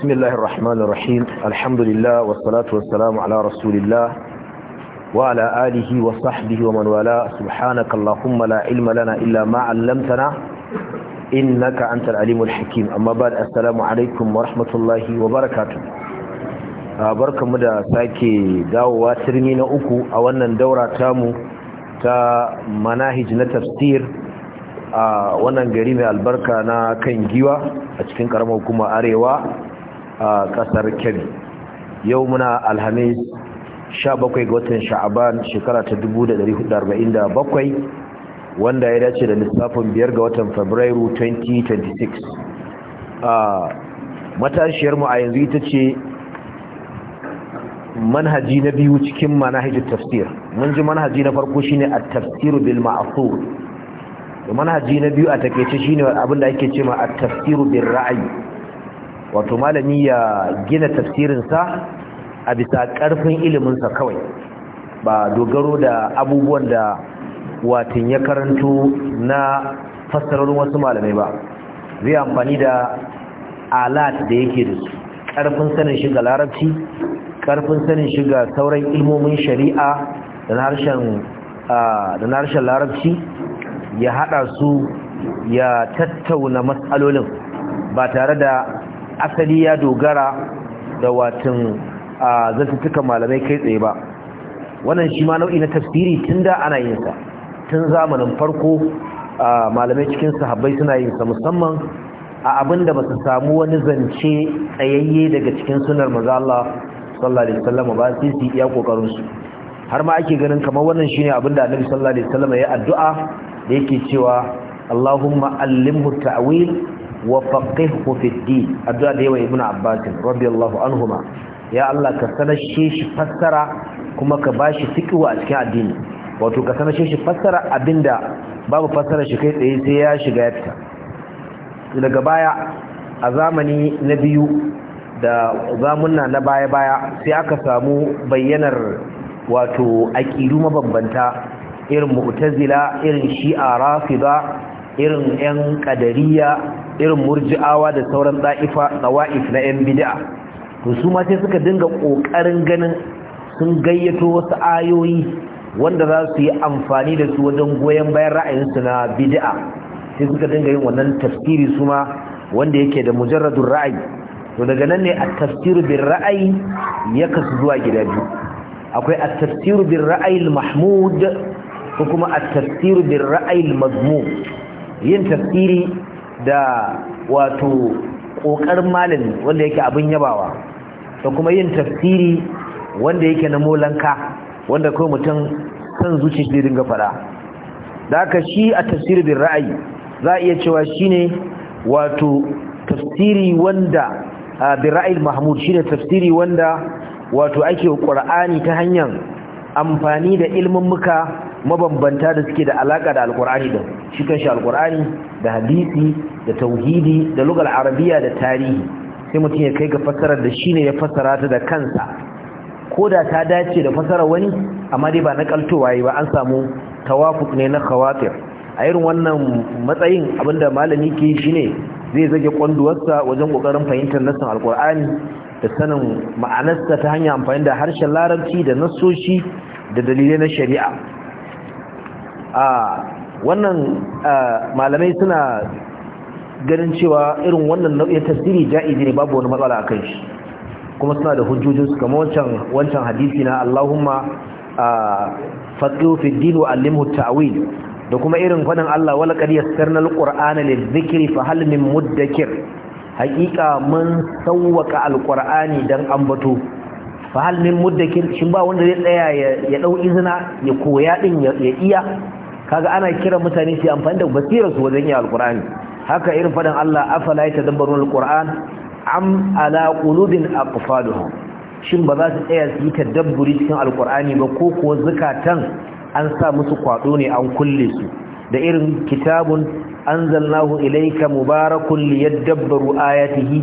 بسم الله الرحمن الرحيم الحمد لله والصلاة والسلام على رسول الله وعلى آله وصحبه ومن والاه سبحانك اللهم لا علم لنا إلا ما علمتنا إنك أنت العليم الحكيم أما بعد السلام عليكم ورحمة الله وبركاته barkan mu da sake dawowa turmi na uku a wannan daura tamu ta manahij na tafsir a wannan gari mai albarka na kan giwa a cikin karamar kuma arewa a kasar kebbi yau muna alhamis 17 ga watan sha'aban shekara ta 1447 wanda ya dace da lissafin 5 ga watan fabrairu 2026 a matashiyarmu a yanzu ita ce manhaji na biyu cikin manhajin tafsir mun ji manhaji na farko shine at-tafsir bil ma'thur manhaji na biyu a takeice shine abin da ake cewa at-tafsir bil ra'yi wato malami ya gina tafsirinsa a bisa ƙarfin iliminsa kawai ba dogaro da abubuwan da watin ya karanto na fassarar wasu malamai ba zai amfani da alat da yake da su ƙarfin sanin shiga larabci ƙarfin sanin shiga sauran ilmomin shari'a da na harshen larabci ya haɗa su ya tattauna matsalolin ba tare da asali ya dogara da watan zartuttukan malamai kai tsaye ba wannan shi ma nau'i na tafsiri tun da ana yin sa tun zamanin farko malamai cikin sahabbai suna yin sa musamman a abin da ba su samu wani zance tsayayye daga cikin sunar maza Allah sallallahu alaihi wasallam ba sai su iya kokarin su har ma ake ganin kamar wannan shine abin da Annabi sallallahu alaihi wasallam ya addu'a da yake cewa Allahumma allimhu ta'wil wa fi din addu'a da yawa ibnu abbas radiyallahu anhuma ya Allah ka sanashe shi fassara kuma ka bashi fiqhu a cikin addini wato ka sanashe shi fassara abinda babu fassara shi kai tsaye sai ya shiga ya fita daga baya a zamani na biyu da zamunna na baya-baya sai aka samu bayyanar wato aƙidu mabambanta irin mu'tazila irin shi'a rafida irin 'yan ƙadariya irin murji'awa da sauran da'ifa wa'if na yan bida'a. to su ma sai suka dinga ƙoƙarin ganin sun gayyato wasu ayoyi wanda za su yi amfani da su wajen goyon bayan ra'ayinsu na bida'a. sai suka dinga yin wannan tafsiri su ma wanda yake da mujarradun ra'ayi to daga nan ne at-tafsiru bin ra'ayi ya kasu zuwa gida biyu akwai at-tafsiru bin ra'ayi al-mahmud ko kuma at-tafsiru bin ra'ayi al-mazmum yin tafsiri da wato ƙoƙarin malami wanda yake abin yabawa da kuma yin tafsiri wanda yake na molanka wanda kawai mutum san zuci shi dinga fara da ka shi a tafsiri bin ra'ayi za a iya cewa shine wato tafsiri wanda bin ra'ayi mahmud shine tafsiri wanda wato ake qur'ani ta hanyar amfani da ilmin muka mabambanta da suke da alaka da alkur'ani da shi kan shi alkur'ani da hadisi da tauhidi da lugal arabiya da tarihi sai mutum ya kai ga fassarar da shine ya fassara ta da kansa ko da ta dace da fassarar wani amma dai ba kaltowa yi ba an samu tawafuk ne na khawatir a irin wannan matsayin abinda malami ke shine zai zage kwanduwarsa wajen kokarin fahimtar nassan alkur'ani da sanin ma'anarsa ta hanyar amfani da harshen larabci da nasoshi da dalilai na shari'a a wannan malamai suna ganin cewa irin wannan nau'in tasiri ja'izi ne babu wani matsala a kan shi kuma suna da hujjojinsu kama wancan hadisi na Allahumma faqihu fi din wa allimhu ta'wil da kuma irin faɗin Allah wala qad yassarna al-qur'ana fa hal min muddakir hakika mun sawwaka alqur'ani dan ambato fa hal min muddakin shin ba wanda zai tsaya ya dau izina ya koya din ya iya kaga ana kira mutane su amfani da basirar su wajen ya alqur'ani haka irin fadan Allah afala yatadabbarun alqur'an am ala qulubin aqfaluhum shin ba za su tsaya su yi tadabburi cikin alqur'ani ba ko kuwa zakatan an sa musu kwado ne an kulle su da irin kitabun anzalnahu ilayka mubarakun liyadabbaru ayatihi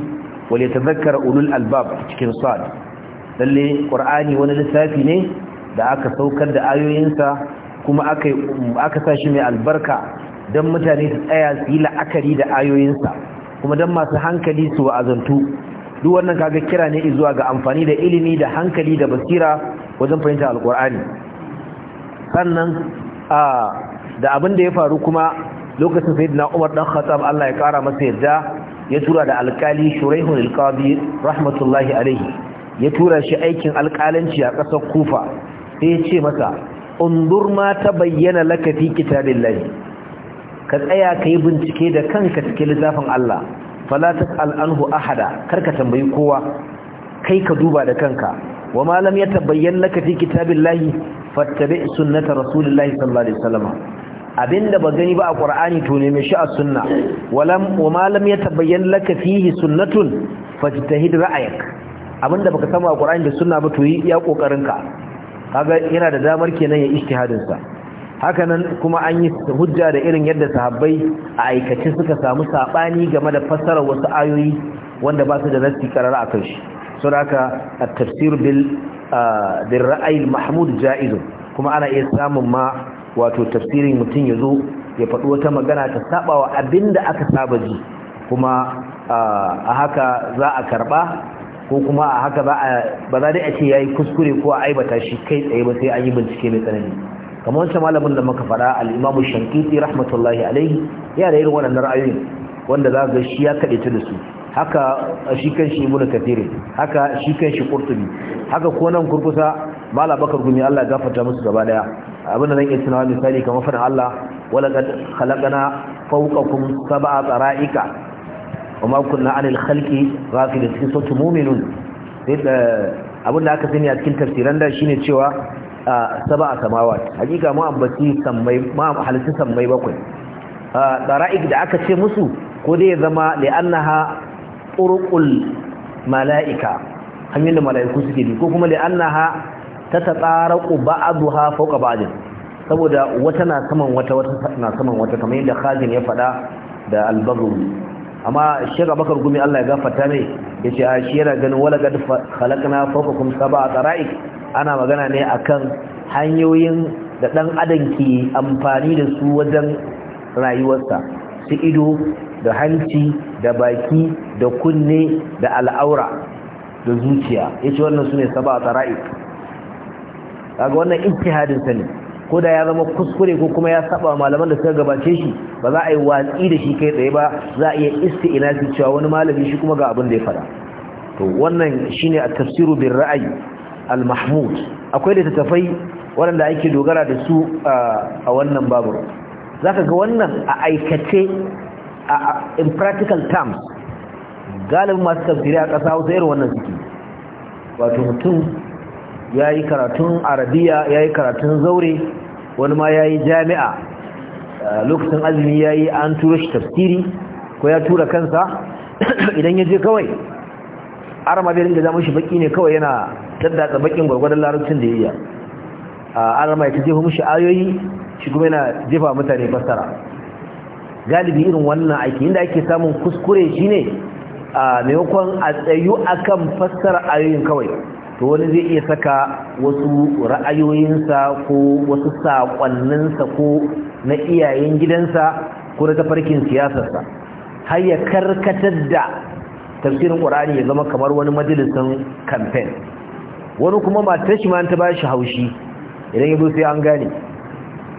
wa ulul albab cikin sad Lallai qur'ani wani lissafi ne da aka saukar da ayoyinsa kuma aka aka sa mai albarka dan mutane su tsaya su yi la'akari da ayoyinsa kuma dan masu hankali su wa'azantu duk wannan kaga kira ne zuwa ga amfani da ilimi da hankali da basira wajen fahimta alqur'ani sannan a da abin da ya faru kuma lokacin na Umar dan Khattab Allah ya kara masa yarda ya tura da alkali Shuraihun rahmatullahi alaihi ya tura shi aikin alkalanci a ƙasar Kufa sai ya ce masa undur ma bayyana laka fi kitabillahi ka tsaya yi bincike da kanka cikin littafin Allah fala tasal anhu ahada karka tambayi kowa kai ka duba da kanka wa malam ya yatabayyan laka fi kitabillahi fattabi sunnata rasulillahi sallallahu alaihi wasallam abinda ba gani ba a qur'ani to ne shi a sunna walam wa ma lam yatabayyan laka fihi sunnatun fajtahid ra'ayak abinda baka samu a qur'ani da sunna ba to yi ya kokarin ka kaga yana da damar kenan ya ijtihadin sa nan kuma an yi hujja da irin yadda sahabbai a aikace suka samu saɓani game da fassarar wasu ayoyi wanda ba su da nasti karara akan shi haka at-tafsir bil ah, bil mahmud ja'izu kuma ana iya samun ma wato tafsirin mutum ya zo ya faɗi wata magana ta sabawa abinda aka saba ji kuma a haka za a karɓa ko kuma a haka ba za dai a ce ya yi kuskure ko a aibata shi kai tsaye ba sai an yi bincike mai tsanani kamar wancan malamin da muka faɗa al'imamu shankiti rahmatullahi alaihi ya da irin waɗannan ra'ayoyin wanda za ga shi ya kaɗe ta da su haka shi kan shi ibnu kafire, haka shi kan shi qurtubi haka ko nan kurkusa mala bakar gumi Allah ya gafarta musu gaba daya abinda zan iya tunawa misali kamar faɗin Allah walaqad khalaqna fawqakum sab'a tara'ika wama kunna 'anil khalqi ghafilin cikin sautu mu'minun abinda aka sani a cikin tafsiran da shine cewa sab'a samawat hakika mu ambaci sammai ma halitta sammai bakwai tara'ik da aka ce musu ko dai zama li'annaha turqul mala'ika hanyar da mala'iku suke bi ko kuma li'annaha ta tatsaraku ba'dha fawqa ba'd saboda wata na saman wata wata na saman wata kamar yadda Khazin ya faɗa da al-Baghawi amma Sheikh bakar Gumi Allah ya gafarta ne yace a shi yana ganin wala gad khalaqna fawqakum sab'a tara'iq ana magana ne a kan hanyoyin da dan adam ke amfani da su wajen rayuwarsa su ido da hanci da baki da kunne da al'aura da zuciya yace wannan su ne sab'a tara'iq kaga wannan ijtihadin sa ne ko da ya zama kuskure ko kuma ya saba malaman da suka gabace shi ba za a yi watsi da shi kai tsaye ba za a iya shi cewa wani malami shi kuma ga abin da ya fada to wannan shine at-tafsiru bil ra'ayi al-mahmud akwai da tafai waɗanda ake dogara da su a wannan babu zaka ga wannan a aikace in practical terms galibin masu tafsiri a ƙasa hausa irin wannan suke wato mutum ya yi karatun arabiya ya yi karatun zaure wani ma ya yi jami'a uh, lokacin azumi ya yi an tura shi tafsiri ko ya tura kansa idan ya je kawai arama bai ringa zama shi baki ne kawai yana daddatsa bakin gwargwadon larabcin da ya iya uh, arama ya ta jefa mushi ayoyi shi kuma yana jefa mutane fassara galibi irin wannan aiki inda ake samun kuskure shine a uh, maimakon a tsayu akan fassara ayoyin kawai to wani zai iya saka wasu ra'ayoyinsa ko wasu saƙonninsa ko na iyayen gidansa ko na tafarkin siyasarsa har ya karkatar da tafsirin ƙur'ani ya zama kamar wani majalisun kamfen wani kuma matar shi ma ta ba shi haushi idan ya sai an gane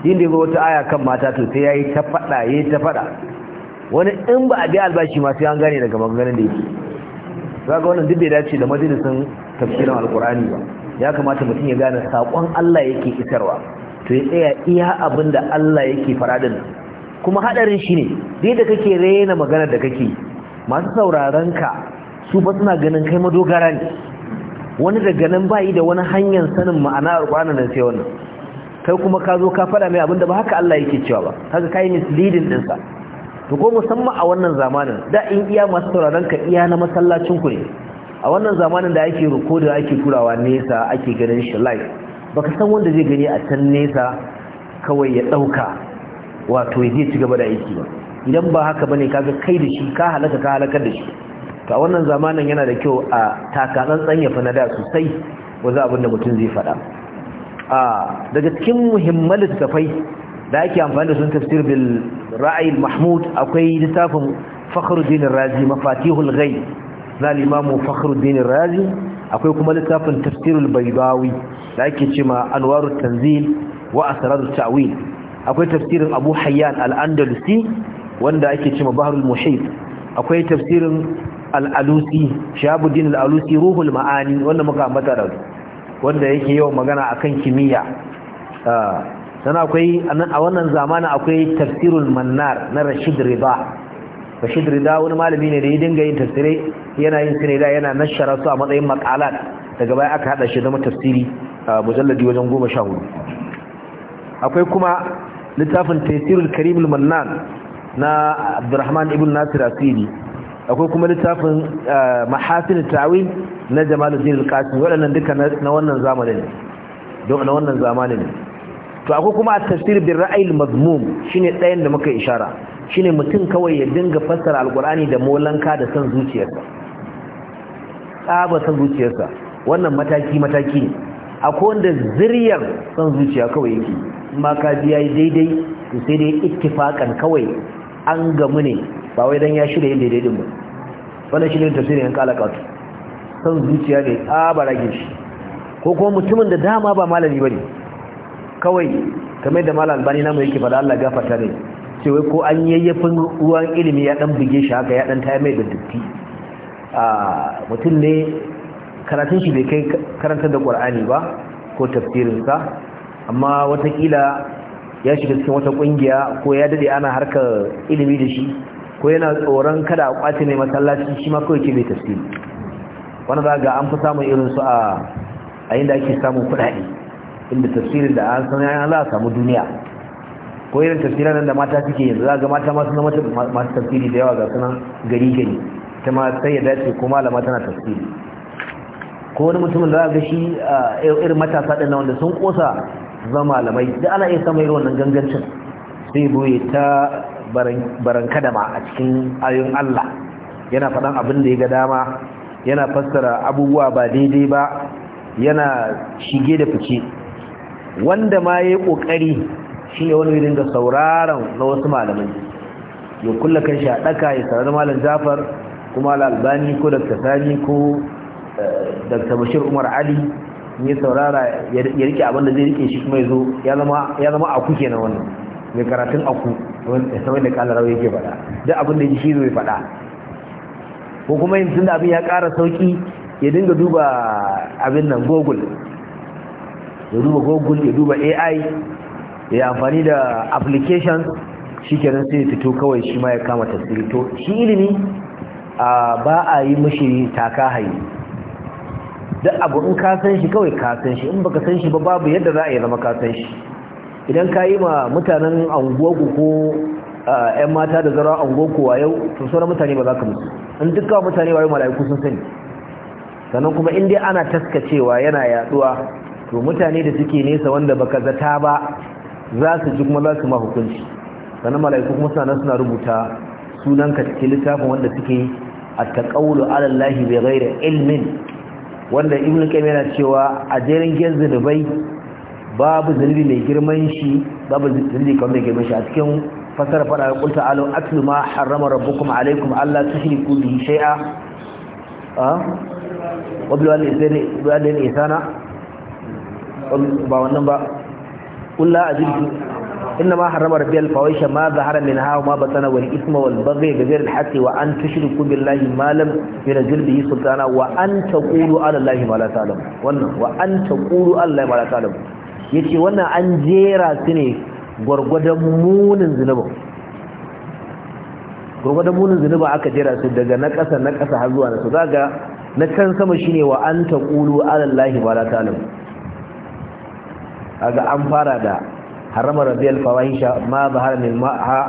inda ya zo wata aya kan mata to sai ya yi ta faɗa ya yi ta faɗa wani in ba a bi albashi ma sai an gane daga maganganun da yake za ga wannan duk bai dace da majalisun tafsirin alkur'ani ba ya kamata mutum ya gane saƙon Allah yake isarwa to ya tsaya iya abin da Allah yake faradin kuma haɗarin shi ne dai da kake raina magana da kake masu sauraron ka su ba suna ganin kai madogara ne wani daga nan bayi da wani hanyar sanin ma'ana alkur'ani nan sai wannan kai kuma ka zo ka faɗa mai abinda ba haka Allah yake cewa ba haka kai misleading ɗinsa to ko musamman a wannan zamanin da in iya masu sauraron ka iya na masallacin ku ne a wannan zamanin da ake rikodin ake turawa nesa ake ganin shi live baka san wanda zai gani a can nesa kawai ya ɗauka wato ya zai ci gaba da aiki ba idan ba haka bane ga kai da shi ka halaka ka halakar da shi to a wannan zamanin yana da kyau a takatsantsan ya fana na da sosai wanzu abin da mutum zai faɗa daga cikin muhimman littattafai da ake amfani da sun tafsir bil ra'ayil mahmud akwai littafin fakhruddin razi mafatihul ghaib na limamu fakhruddin razi akwai kuma littafin tafsirul baydawi da ake cewa anwarut tanzil wa asrarut ta'wil akwai tafsirin abu hayyan al-andalusi wanda ake cewa bahrul muhit akwai tafsirin al-alusi shabuddin al-alusi ruhul ma'ani wanda muka ambata da wanda yake yawan magana akan kimiyya ah, sana akwai a wannan zamanin akwai tafsirul mannar na rashid riba bashir rida wani malami ne da ya dinga yin tafsirai yana yin sine da yana nashara su a matsayin makalat daga baya aka hada shi zama tafsiri mujalladi wajen goma sha hudu akwai kuma littafin tafsirul karimul mannan na abdurrahman ibn nasir asiri akwai kuma littafin mahasin tawil na jamaluddin al-qasim waɗannan duka na wannan zamanin don na wannan zamanin to akwai kuma at-tafsir bil ra'ayi mazmum shine ɗayan da muka ishara shine mutum kawai ya dinga fassara alkur'ani da molanka da san zuciyarsa tsaba san zuciyarsa wannan mataki mataki ne akwai wanda ziryar san zuciya kawai yake ma ka biya yi daidai to sai dai ittifakan kawai an gamu ne ba wai dan ya shirya yin daidai din ba wannan shine tafsirin yan kawai san zuciya ne tsaba rage shi ko kuma mutumin da dama ba malami bane kawai kamar da malam albani namu yake fada Allah gafarta ne cewa ko an yi yayyafin ruwan ilimi ya dan buge shi haka ya dan ta mai da dukki a mutum ne karatun shi bai kai karantar da qur'ani ba ko tafsirin sa amma watakila ya shiga cikin wata kungiya ko ya dade ana harkar ilimi da shi ko yana tsoron kada a kwace ne masallaci shi ma kawai ke bai tafsiri wani za ga an fi samun irin su a a yinda ake samun kuɗaɗe inda tafsirin da an san yana za a samu duniya ko irin tafsirin nan da mata suke yanzu za ga mata masu zama masu tafsiri da yawa ga sunan gari gari ta ma sai ya dace ko malama tana tafsiri ko wani mutumin da ga shi irin matasa ɗin wanda sun kosa zama malamai da ana iya samun irin wannan gangancin sai boye ta baranka da ma a cikin ayoyin Allah yana faɗan abin da ya ga dama yana fassara abubuwa ba daidai ba yana shige da fice wanda ma ya yi ƙoƙari ne wani ya da sauraron na wasu malamai ya kulla kan shi a ɗaka ya saurari malam Jafar kuma al-Albani ko da Sani ko eh, da Bashir Umar Ali ya saurara ya rike abin da zai rike shi kuma ya zama ya zama aku nan wannan mai karatun aku ya sai da kallar rawi yake faɗa duk abin da shi zai faɗa ko kuma yin da abin ya ƙara sauki ya dinga duba abin nan Google ya duba Google ya duba AI ya amfani da application nan sai fito kawai shi ma ya kama tasiri to shi ilimi ba a yi mishi taka hayi duk abu in ka san shi kawai ka san shi in baka san shi ba babu yadda za a yi zama ka san shi idan ka yi ma mutanen anguwaku ko yan mata da zara anguwaku wa yau to sauran mutane ba za ka musu in duka mutane wayo mala'iku sun sani sannan kuma in dai ana taskacewa yana yaduwa to mutane da suke nesa wanda baka zata ba za su ji kuma za su ma hukunci sannan mala'iku kuma suna suna rubuta ka cikin littafin wanda suke a taƙaulu alallahi bai gaira ilmin wanda ibn qayyim yana cewa a jerin gen zunubai babu zunubi mai girman shi babu zunubi kawai mai girman shi a cikin fasara fada ya kulta alu atlu ma harrama rabbukum alaikum shi ku bi shai'a. a wablu wani isana ba wannan ba kullu a إنما حرم ربي الفواحش ما ظهر منها وما بطن والإثم والبغي بغير الحق وأن تشركوا بالله ما لم ينزل به سلطانا وأن تقولوا على الله ما لا تعلم وأن تقولوا على الله ما لا تعلم yace wannan an jera su ne gwargwadon munin zunuba gwargwadon munin zunuba aka jera su daga na ƙasa na ƙasa har na su zaga na can sama shine wa an taqulu ala allahi ma kaga an fara da harama rabiyal fawahisha ma zahara min ma'a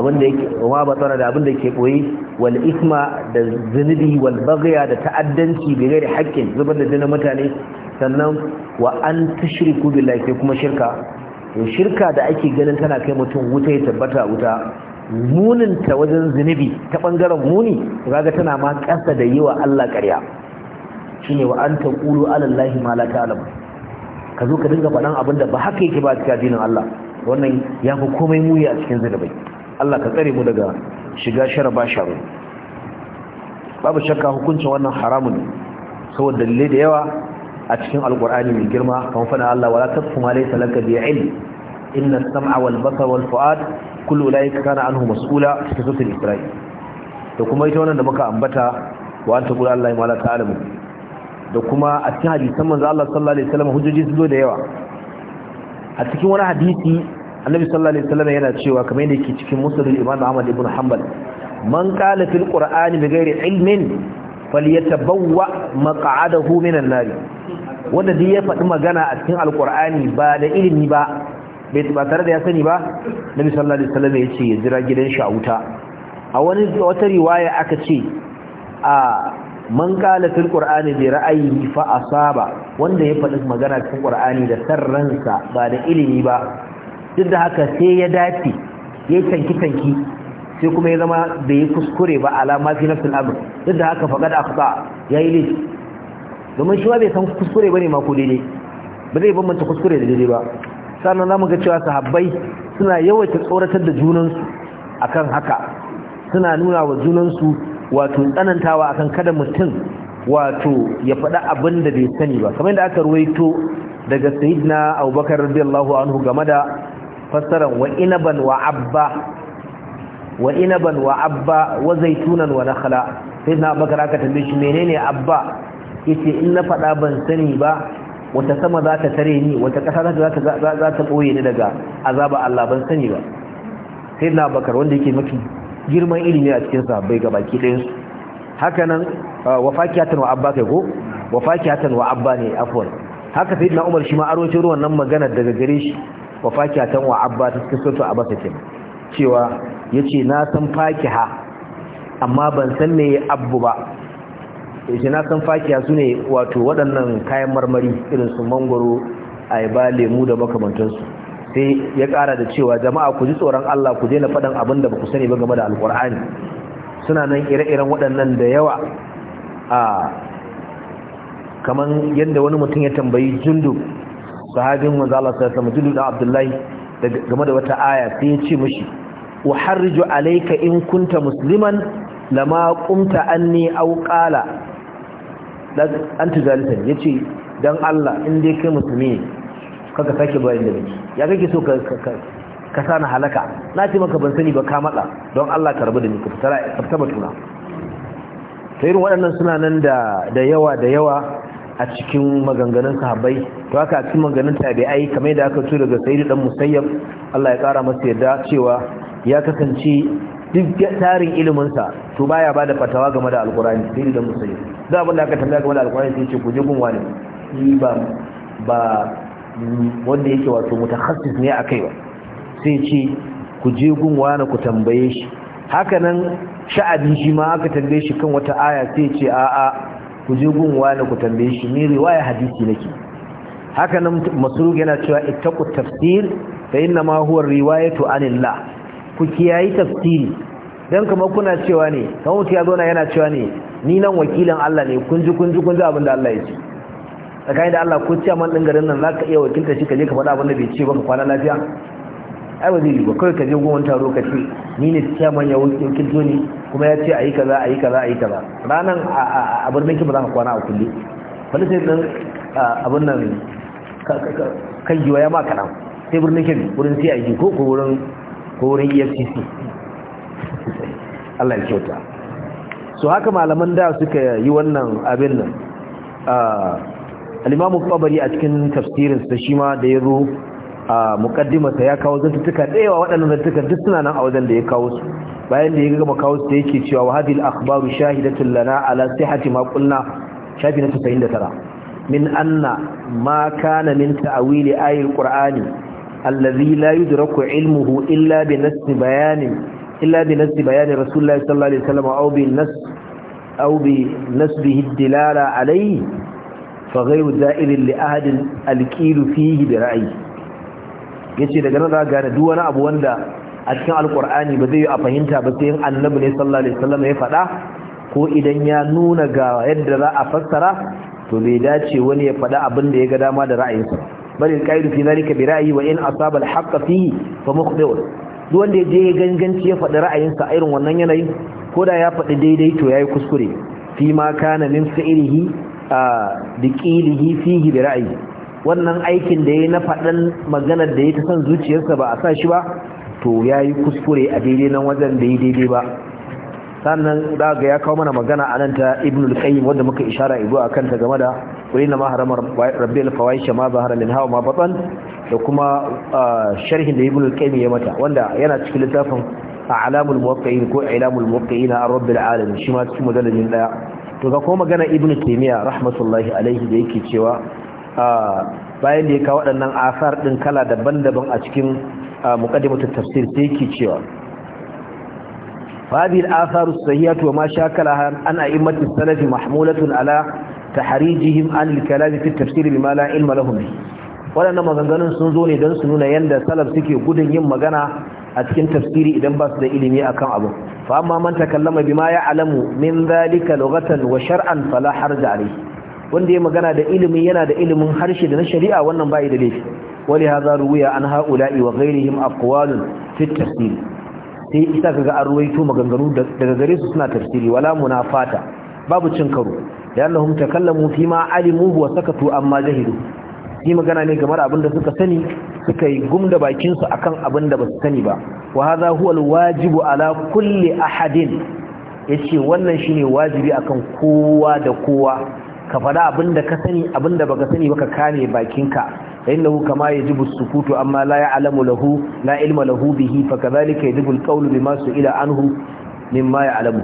abinda yake ba tsara da abinda ke boye wal isma da zunubi wal da ta'addanci bi gairi haƙƙin zubar da dana mutane sannan wa an tushriku billahi ke kuma shirka to shirka da ake ganin tana kai mutum wuta ya tabbata wuta munin ta wajen zunubi ta bangaren muni kaga tana ma ƙasa da yiwa Allah ƙarya shine wa an taqulu ala allahi ma la ta'lamu ka zo ka dinga faɗan abin da ba haka yake ba a cikin addinin Allah wannan ya fi komai muyi a cikin zunubai Allah ka tsare mu daga shiga shara ba sharo babu shakka hukuncin wannan haramun saboda dalilai da yawa a cikin alkur'ani mai girma kan fana Allah wala tafku ma laka bi ilm inna as-sam'a wal basara wal fu'ad kullu ulaika kana anhu mas'ula cikin sura isra'il da kuma ita wannan da muka ambata wa anta qul Allah ma la ta'lamu da kuma a cikin hadisan manzo Allah sallallahu alaihi wasallam hujjoji su zo da yawa a cikin wani hadisi annabi sallallahu alaihi wasallam yana cewa kamar yadda yake cikin musnad al-imam Ahmad ibn Hanbal man qala fil qur'ani bighairi ilmin falyatabawwa maq'adahu minan nar wanda dai ya faɗi magana a cikin alqur'ani ba da ilimi ba bai ba tare da ya sani ba nabi sallallahu alaihi wasallam ya ce ya jira gidan shi a wuta a wani wata riwaya aka ce a man kala fil qur'ani bi ra'ayi fa asaba wanda ya faɗi magana cikin qur'ani da sarransa ba da ilimi ba duk da haka sai ya dace ya tanki tanki sai kuma ya zama da ya kuskure ba alama fi nafsul amr duk da haka faqad akhta yayi laifi domin shi bai san kuskure bane ma ko daidai ba zai bambanta kuskure da daidai ba sannan zamu ga cewa sahabbai suna yawaita tsoratar da junansu akan haka suna nuna wa junansu wato tsanantawa akan kada mutum wato ya faɗa abin da bai sani ba kamar da aka ruwaito daga sayyidina abubakar radiyallahu anhu game da fassarar wa inaban wa abba wa inaban wa abba wa zaitunan wa nakhla sayyidina abubakar aka tambaye shi menene abba yace in na faɗa ban sani ba wata sama za ta tare ni wata ƙasa za ta za ta ɓoye ni daga azaba Allah ban sani ba sai na abubakar wanda yake maki. girman ilimi a cikin sahabbai ga baki ɗayan su haka nan uh, wa fakiyatan wa abba kai ko wa fakiyatan wa abba ne afwan haka sai na umar shi ma aro ce ruwan nan magana daga gare shi wa fakiyatan wa abba ta cikin sautu a basa cewa yace na san fakiha amma ban san me abbu ba yace na san fakiya sune wato waɗannan kayan marmari irin su mangoro ayaba lemu da makamantansu sai ya kara da cewa jama'a ku ji tsoron Allah ku daina faɗan abin da ba ku sani ba game da alkur'ani suna nan ire-iren waɗannan da yawa a kaman yadda wani mutum ya tambayi jundu sahabin manzo Allah sallallahu alaihi wasallam jundu da Abdullahi game da wata aya sai ya ce mishi uharriju alayka in kunta musliman lama qumta anni aw qala dan antu zalitan yace dan Allah in dai kai musulmi kaka sake bayan da nake ya kake so ka ka na halaka na ce maka ban sani ba ka matsa don Allah ka da ni ka fita batuna ta irin waɗannan suna nan da yawa da yawa a cikin maganganun sahabbai to haka a cikin maganganun tabi'ai kamar da aka tura daga sayyid dan musayyab Allah ya kara masa yadda cewa ya kasance duk tarin ilimin sa to baya bada fatawa game da alqur'ani sayyid dan musayyab da abin da aka tambaya game da alqur'ani sai ce ku je gun wani ba ba wanda yake wato mutakhassis ne akai ba sai ce ku je gun wani ku tambaye shi hakanan sha'abi shi ma aka tambaye shi kan wata aya sai ce a'a ku je gun wani ku tambaye shi ni riwaya hadisi nake hakanan masruq yana cewa ittaqu tafsir fa inna ma huwa riwayatu anillah ku kiyayi tafsiri dan kamar kuna cewa ne kamar ya zo yana cewa ne ni nan wakilin Allah ne kun ji kun ji kun ji abin da Allah ya ce tsakanin da Allah ko man ɗin garin nan za ka iya wakilta shi ka je ka faɗa abin da bai ce ba ka kwana lafiya ai ba zai yi ba kawai ka je goma taro ka ce ni ne man ya wakilto ni kuma ya ce a yi kaza a yi kaza a yi kaza ranan a birnin ki ba za ka kwana a kulle wani sai ɗin abin nan kan giwa ya ma kana sai birnin ki wurin CID ko ko wurin ko wurin EFCC Allah ya kyauta so haka malaman da suka yi wannan abin nan al-imamu tabari a cikin tafsirin sa shi ma da yazo a muqaddimarsa ya kawo zantuka dayawa waɗannan zantuka duk suna nan a wajen da ya kawo su bayan da ya gama kawo su da yake cewa wa hadhihi al-akhbaru shahidatun lana ala sihhati ma qulna shafi na 99 min anna ma kana min ta'wili ayatil qur'ani alladhi la yudraku ilmuhu illa bi nass bayanin illa bi nass bayanin rasulullahi sallallahu alaihi wasallam aw bi nass aw bi nasbihi ad-dilala alayhi fa ghayru za'irin li ahadin alqilu da ra'ayi. ra'yi yace daga nan za gane duk wani abu wanda a cikin Alƙur'ani ba zai yi a fahimta ba sai annabi ne sallallahu alaihi wasallam ya faɗa ko idan ya nuna ga yadda za a fassara to bai dace wani ya faɗa abin da ya ga dama da ra'ayinsa bal alqailu fi zalika bi ra'yi wa in asaba alhaqqa fihi fa mukhdi'un duk wanda je ganganci ya faɗi ra'ayinsa a irin wannan yanayin ko da ya faɗi daidai to yayi kuskure fi ma kana min fi'lihi biƙilihi fihi da ra'ayi wannan aikin da ya na faɗan maganar da ya ta son zuciyarsa ba a sa shi ba to ya kuskure a daidai nan wajen da ya daidai ba sannan daga ya kawo mana magana a ta qayyim wanda muka ishara ido a kanta game da wani ma harama rabbi al fawaish ma zahara min hawa ma batan da kuma sharhin da ibnul qayyim ya mata wanda yana cikin littafin a'lamul muwaqqi'in ko ilamul muwaqqi'ina ar-rabbil alamin shi ma cikin madalin daya to ga kuma magana ibnu taymiya rahmatullahi alaihi da yake cewa bayan da yake waɗannan asar din kala daban-daban a cikin muqaddimat at-tafsir sai yake cewa hadhihi al-asar as-sahihah wa ma shakalaha an a'immat as-salaf mahmulatun ala tahrijihim an al-kalam fi at-tafsir bima waɗannan maganganun sun zo ne don su nuna yanda salaf suke gudun yin magana a cikin tafsiri idan ba su da ilimi akan abu fa amma man takallama bima ya alamu min zalika lughatan wa shar'an fala harja alayhi wanda ya magana da ilimi yana da ilimin harshe da na shari'a wannan bai da laifi wali hadha ruwiya an haula'i wa ghairihim aqwalun fi tafsir sai isa kaga an ruwaito maganganu daga gare su suna tafsiri wala munafata babu cin karo da annahum takallamu fima alimu wa sakatu amma jahilu yi magana ne game da abin da suka sani suka yi gumda bakinsu akan abin da ba su sani ba wa haza huwa alwajibu ala kulli ahadin yace wannan shine wajibi akan kowa da kowa ka faɗa abin da ka sani abin da baka sani ba ka kame bakinka innahu kama yajibu sukutu amma la ya'lamu lahu la ilma lahu bihi fakadhalika yajibu alqawlu bima su'ila anhu mimma ya'lamu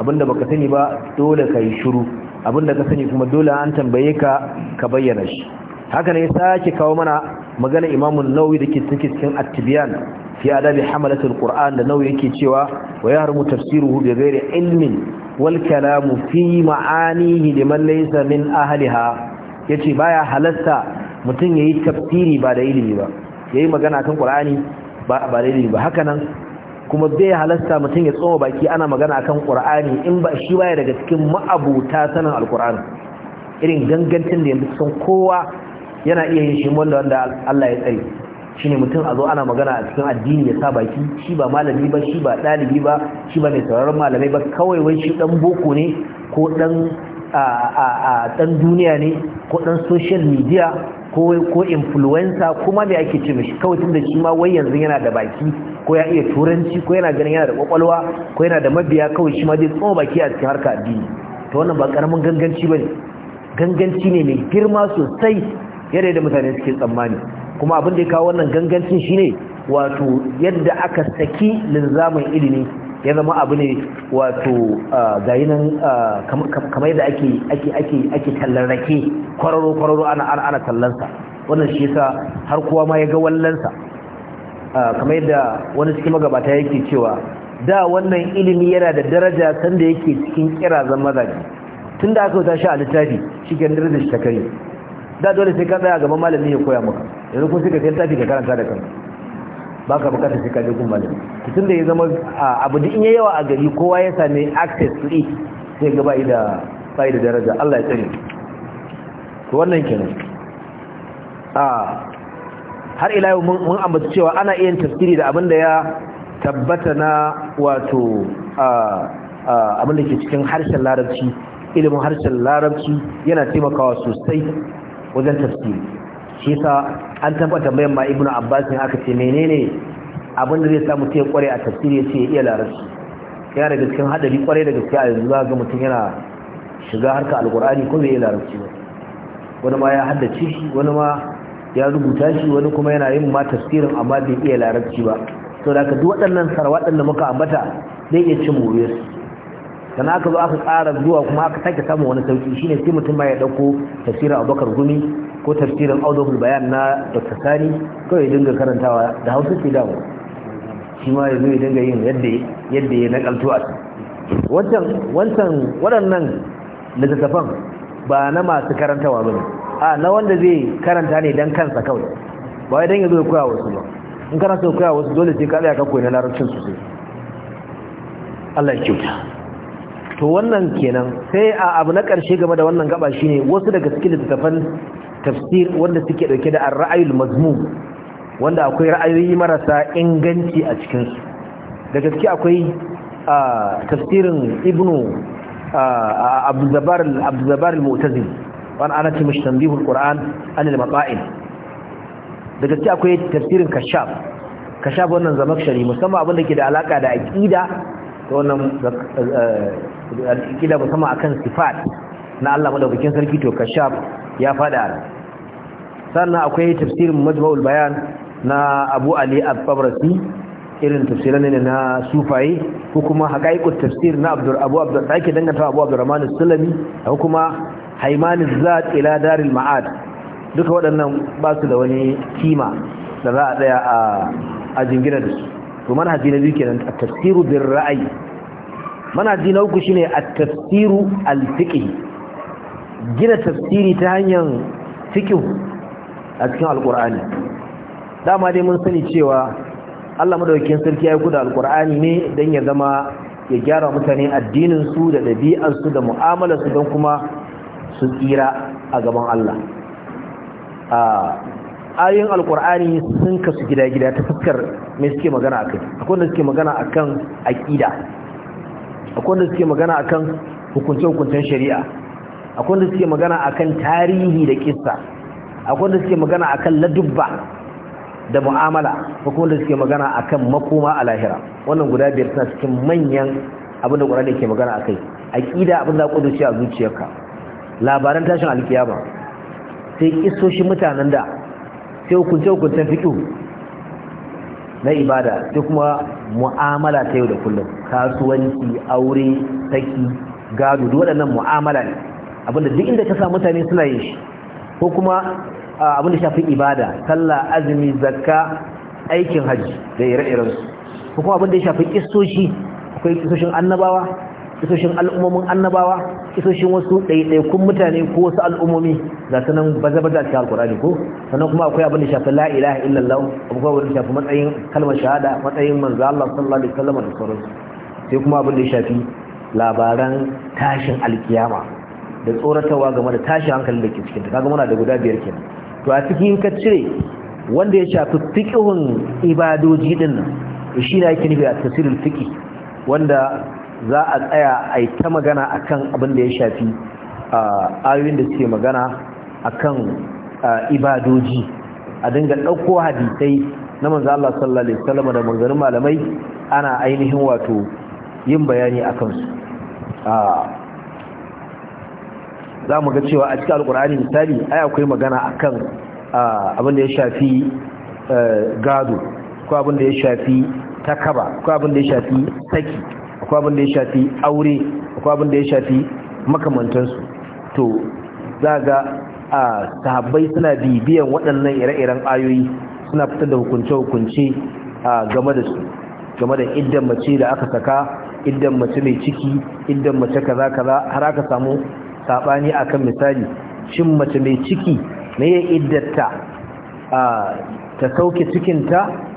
abinda baka sani ba dole kai shiru abinda ka sani kuma dole an tambaye ka ka bayyana shi haka ne sake kawo mana magana Imam an-Nawawi dake cikin At-Tibyan fi adabi hamalatul Qur'an da Nawawi yake cewa wa yahrumu tafsiruhu bi ghairi ilmin wal kalamu fi ma'anihi liman laysa min ahliha yace baya halasta mutum yayi tafsiri ba da ilimi ba yayi magana kan Qur'ani ba da ilimi ba haka nan kuma bai halasta mutum ya tsoma baki ana magana akan Qur'ani in ba shi baya daga cikin ma'abuta sanin al irin gangancin da yanzu kowa yana iya yin shi wanda wanda Allah ya tsare ne mutum a zo ana magana a cikin addini ya sa baki shi ba malami ba shi ba dalibi ba shi ba mai sauraron malamai ba kawai wai shi dan boko ne ko dan a dan duniya ne ko dan social media ko ko influencer kuma me ake ce mishi kawai tunda shi ma wai yanzu yana da baki ko ya iya turanci ko yana ganin yana da kwakwalwa ko yana da mabiya kawai shi ma zai tsoma baki a cikin harka addini to wannan ba karamin ganganci bane ganganci ne mai girma sosai yadda da mutane suke tsammani kuma abin da ya kawo wannan gangancin shine wato yadda aka saki linzamin ilimi ya zama abu ne wato gayi nan kamar yadda ake ake ake ake tallan rake kwararo kwararo ana tallansa wannan shi yasa har kowa ma ya ga wallansa kamar yadda wani cikin magabata yake cewa da wannan ilimi yana da daraja sanda yake cikin kirazan tun tunda aka wuta shi a littafi shi ke da shi ta kare da dole sai ka tsaya gaban malami ya koya maka yanzu ko sai ka tsaye tafi ka karanta da kanka ba ka bukatar sai ka je gun malami tun da ya zama abu da in ya yawa a gari kowa ya same access to it sai ga bai da bai da daraja Allah ya tsare to wannan kenan ah har ila yau mun ambata cewa ana iya tafsiri da abin da ya tabbata na wato abin da ke cikin harshen larabci ilimin harshen larabci yana taimakawa sosai wajen tafsiri shi yasa an taba tambayan ma ibnu abbas ne aka ce menene abin da zai sa mutum ya kware a tafsiri yace ya iya larabci yana daga cikin hadari kware da gaske a yanzu za ga mutum yana shiga harka alqur'ani ko zai iya larabci ba wani ma ya haddace shi wani ma ya rubuta shi wani kuma yana yin ma tafsirin amma bai iya larabci ba to da ka duk waɗannan sarwaɗin da muka ambata zai iya cin su Kana aka zo aka ƙara zuwa kuma aka sake samun wani sauki shine sai mutum ba ya ɗauko tafsirin abubakar gumi ko tafsirin audahul bayan na dr sani kawai dinga karantawa da hausa ke damu shi ma ya zo ya dinga yin yadda ya nakalto a wancan wancan waɗannan littattafan ba na masu karantawa ba ne a na wanda zai karanta ne don kansa kawai ba wai don ya zo ya koya wasu ba in kana so koya wasu dole sai ka tsaya ka koyi na larabcin sosai Allah ya kyauta to wannan kenan sai a abu na ƙarshe game da wannan gaba shine wasu daga cikin littattafan tafsir wanda suke dauke da ar-ra'ayul mazmum wanda akwai ra'ayoyi marasa inganci a cikin su da gaske akwai tafsirin ibnu abu zabar abu zabar al wan ana ce mishi tanbihul qur'an an al-mata'il da gaske akwai tafsirin kashaf kashaf wannan zamakshari musamman abin da ke da alaka da aqida wannan eh, kila musamman akan sifat na Allah madaukakin sarki to kashaf ya fada sannan akwai tafsirin majmu'ul bayan na Abu Ali al-Tabrasi irin tafsiran ne na sufaye ko kuma haqaiqut tafsir na Abdul Abu Abdul Dake danganta Abu Abdurrahman al-Sulami ko kuma Hayman al-Zat ila Daril Ma'ad duka waɗannan ba su da wani kima da za a tsaya a jingina da su to manhaji na biyu nan at-tafsiru bin ra'ayi ji na uku shine a tafsiru alfiƙi gina tafsiri ta hanyar fikin a cikin alƙur'ani dama dai mun sani cewa Allah madaukakin sarki ya yi kuda Alƙur'ani ne don ya zama ya gyara mutane addininsu da ɗabi'arsu da mu'amalarsu don kuma su tsira a gaban Allah a ayoyin Alƙur'ani sun kasu gida-gida ta fuskar me suke magana kai akwai da suke magana a akan aƙida akwai wanda suke magana akan hukunce-hukuncen shari'a akwai wanda suke magana akan tarihi da kissa akwai wanda suke magana akan ladubba da mu'amala akwai wanda suke magana akan makoma a lahira wannan guda biyar suna cikin manyan abin da ƙwararre ke magana akai aqida abin da kudu a zuciyarka labaran tashin alkiyama sai kissoshin mutanen da sai hukunce-hukuncen fikihu na ibada duk kuma mu'amala ta yau da kullum kasuwanci aure saki gado duk waɗannan mu'amala ne abinda duk inda ka sa mutane suna yin shi ko kuma abinda shafi ibada sallah azumi zakka aikin hajji da ire-irensu ko kuma abinda ya shafi kisoshi akwai kisoshin annabawa kisoshin al'ummomin annabawa kisoshin wasu ɗaiɗaikun mutane ko wasu al'ummomi za su nan baza baza cikin alkurani ko sannan kuma akwai abin da shafi la ilaha illallah kuma abin da shafi matsayin kalmar shahada matsayin manzo Allah sallallahu alaihi wasallam da sauransu sai kuma abin da ya shafi labaran tashin alkiyama da tsoratawa game da tashin hankalin da ke cikin ta kaga muna da guda biyar kenan to a cikin ka cire wanda ya shafi fiqhun ibadoji din nan shi ne ake nufi a tafsirul fiqh wanda za a tsaya a yi ta magana akan abin da ya shafi ayoyin da suke magana a kan ibadoji a dinga ɗauko hadisai na manzo Allah sallallahu alaihi wasallam da manzarin malamai ana ainihin wato yin bayani a kansu. za mu ga cewa a cikin alkur'ani misali ai akwai magana akan abin da ya shafi eh, gado ko abin da ya shafi takaba ko abin da ya shafi saki akwai abin da ya shafi aure akwai abin da ya shafi makamantansu to za ga a sahabbai suna bibiyan waɗannan ire-iren ayoyi suna fitar da hukunce-hukunce game da su game da idan mace da aka saka idan mace mai ciki idan mace kaza kaza har aka samu sabani akan misali shin mace mai ciki ne ya iddata ta sauke cikinta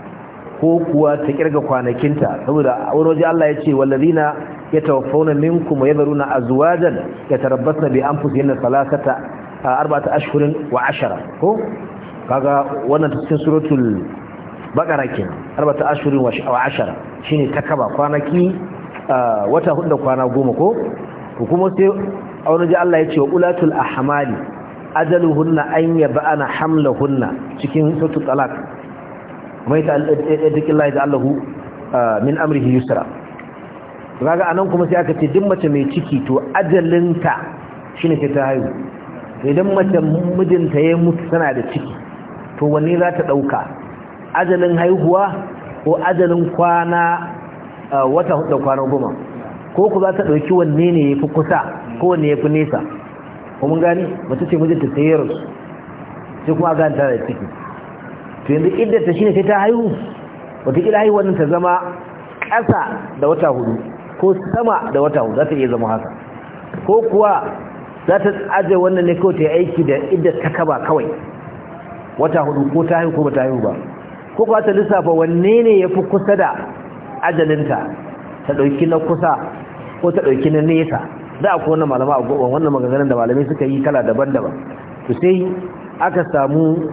ko kuwa ta kirga kwanakinta saboda wani waje Allah ya ce wallazina ya minkum na yadharuna azwajan yatarabbasna bi anfusihinna salasata arba'ata ashhurin wa ashara ko kaga wannan ta cikin suratul baqara kenan arba'ata ashhurin wa ashara shine ta kaba kwanaki wata hudu da kwana goma ko kuma sai wani waje Allah ya ce wa ulatul ahmali ajaluhunna an yab'ana hamlahunna cikin suratul talaq mai ta Allah da allahu ah, min amrihi yusra raga anan kuma sai aka ce duk mace mai ciki to ajalinta shine sai ta haihu idan mace mijinta ya mutu tana da ciki to wanne za ta ɗauka ajalin haihuwa ko ajalin kwana ah, wata hudu kwana goma ko ku za ta ɗauki wanne ne ya fi kusa ko wanne ya fi nesa kuma gani mace ce mijinta sai ya rasu sai kuma ganta da ciki to yanzu idda ta shine sai ta haihu wataƙila wannan ta zama ƙasa da wata hudu ko sama da wata hudu za ta iya zama haka ko kuwa za ta aje wannan ne kawai ta yi aiki da idda ta kaba kawai wata hudu ko ta haihu ko ba ta haihu ba ko kuwa ta lissafa wanne ne ya fi kusa da ajalinta ta ɗauki na kusa ko ta ɗauki na nesa da akwai wannan malama a gobe wannan maganganun da malamai suka yi kala daban-daban to sai aka samu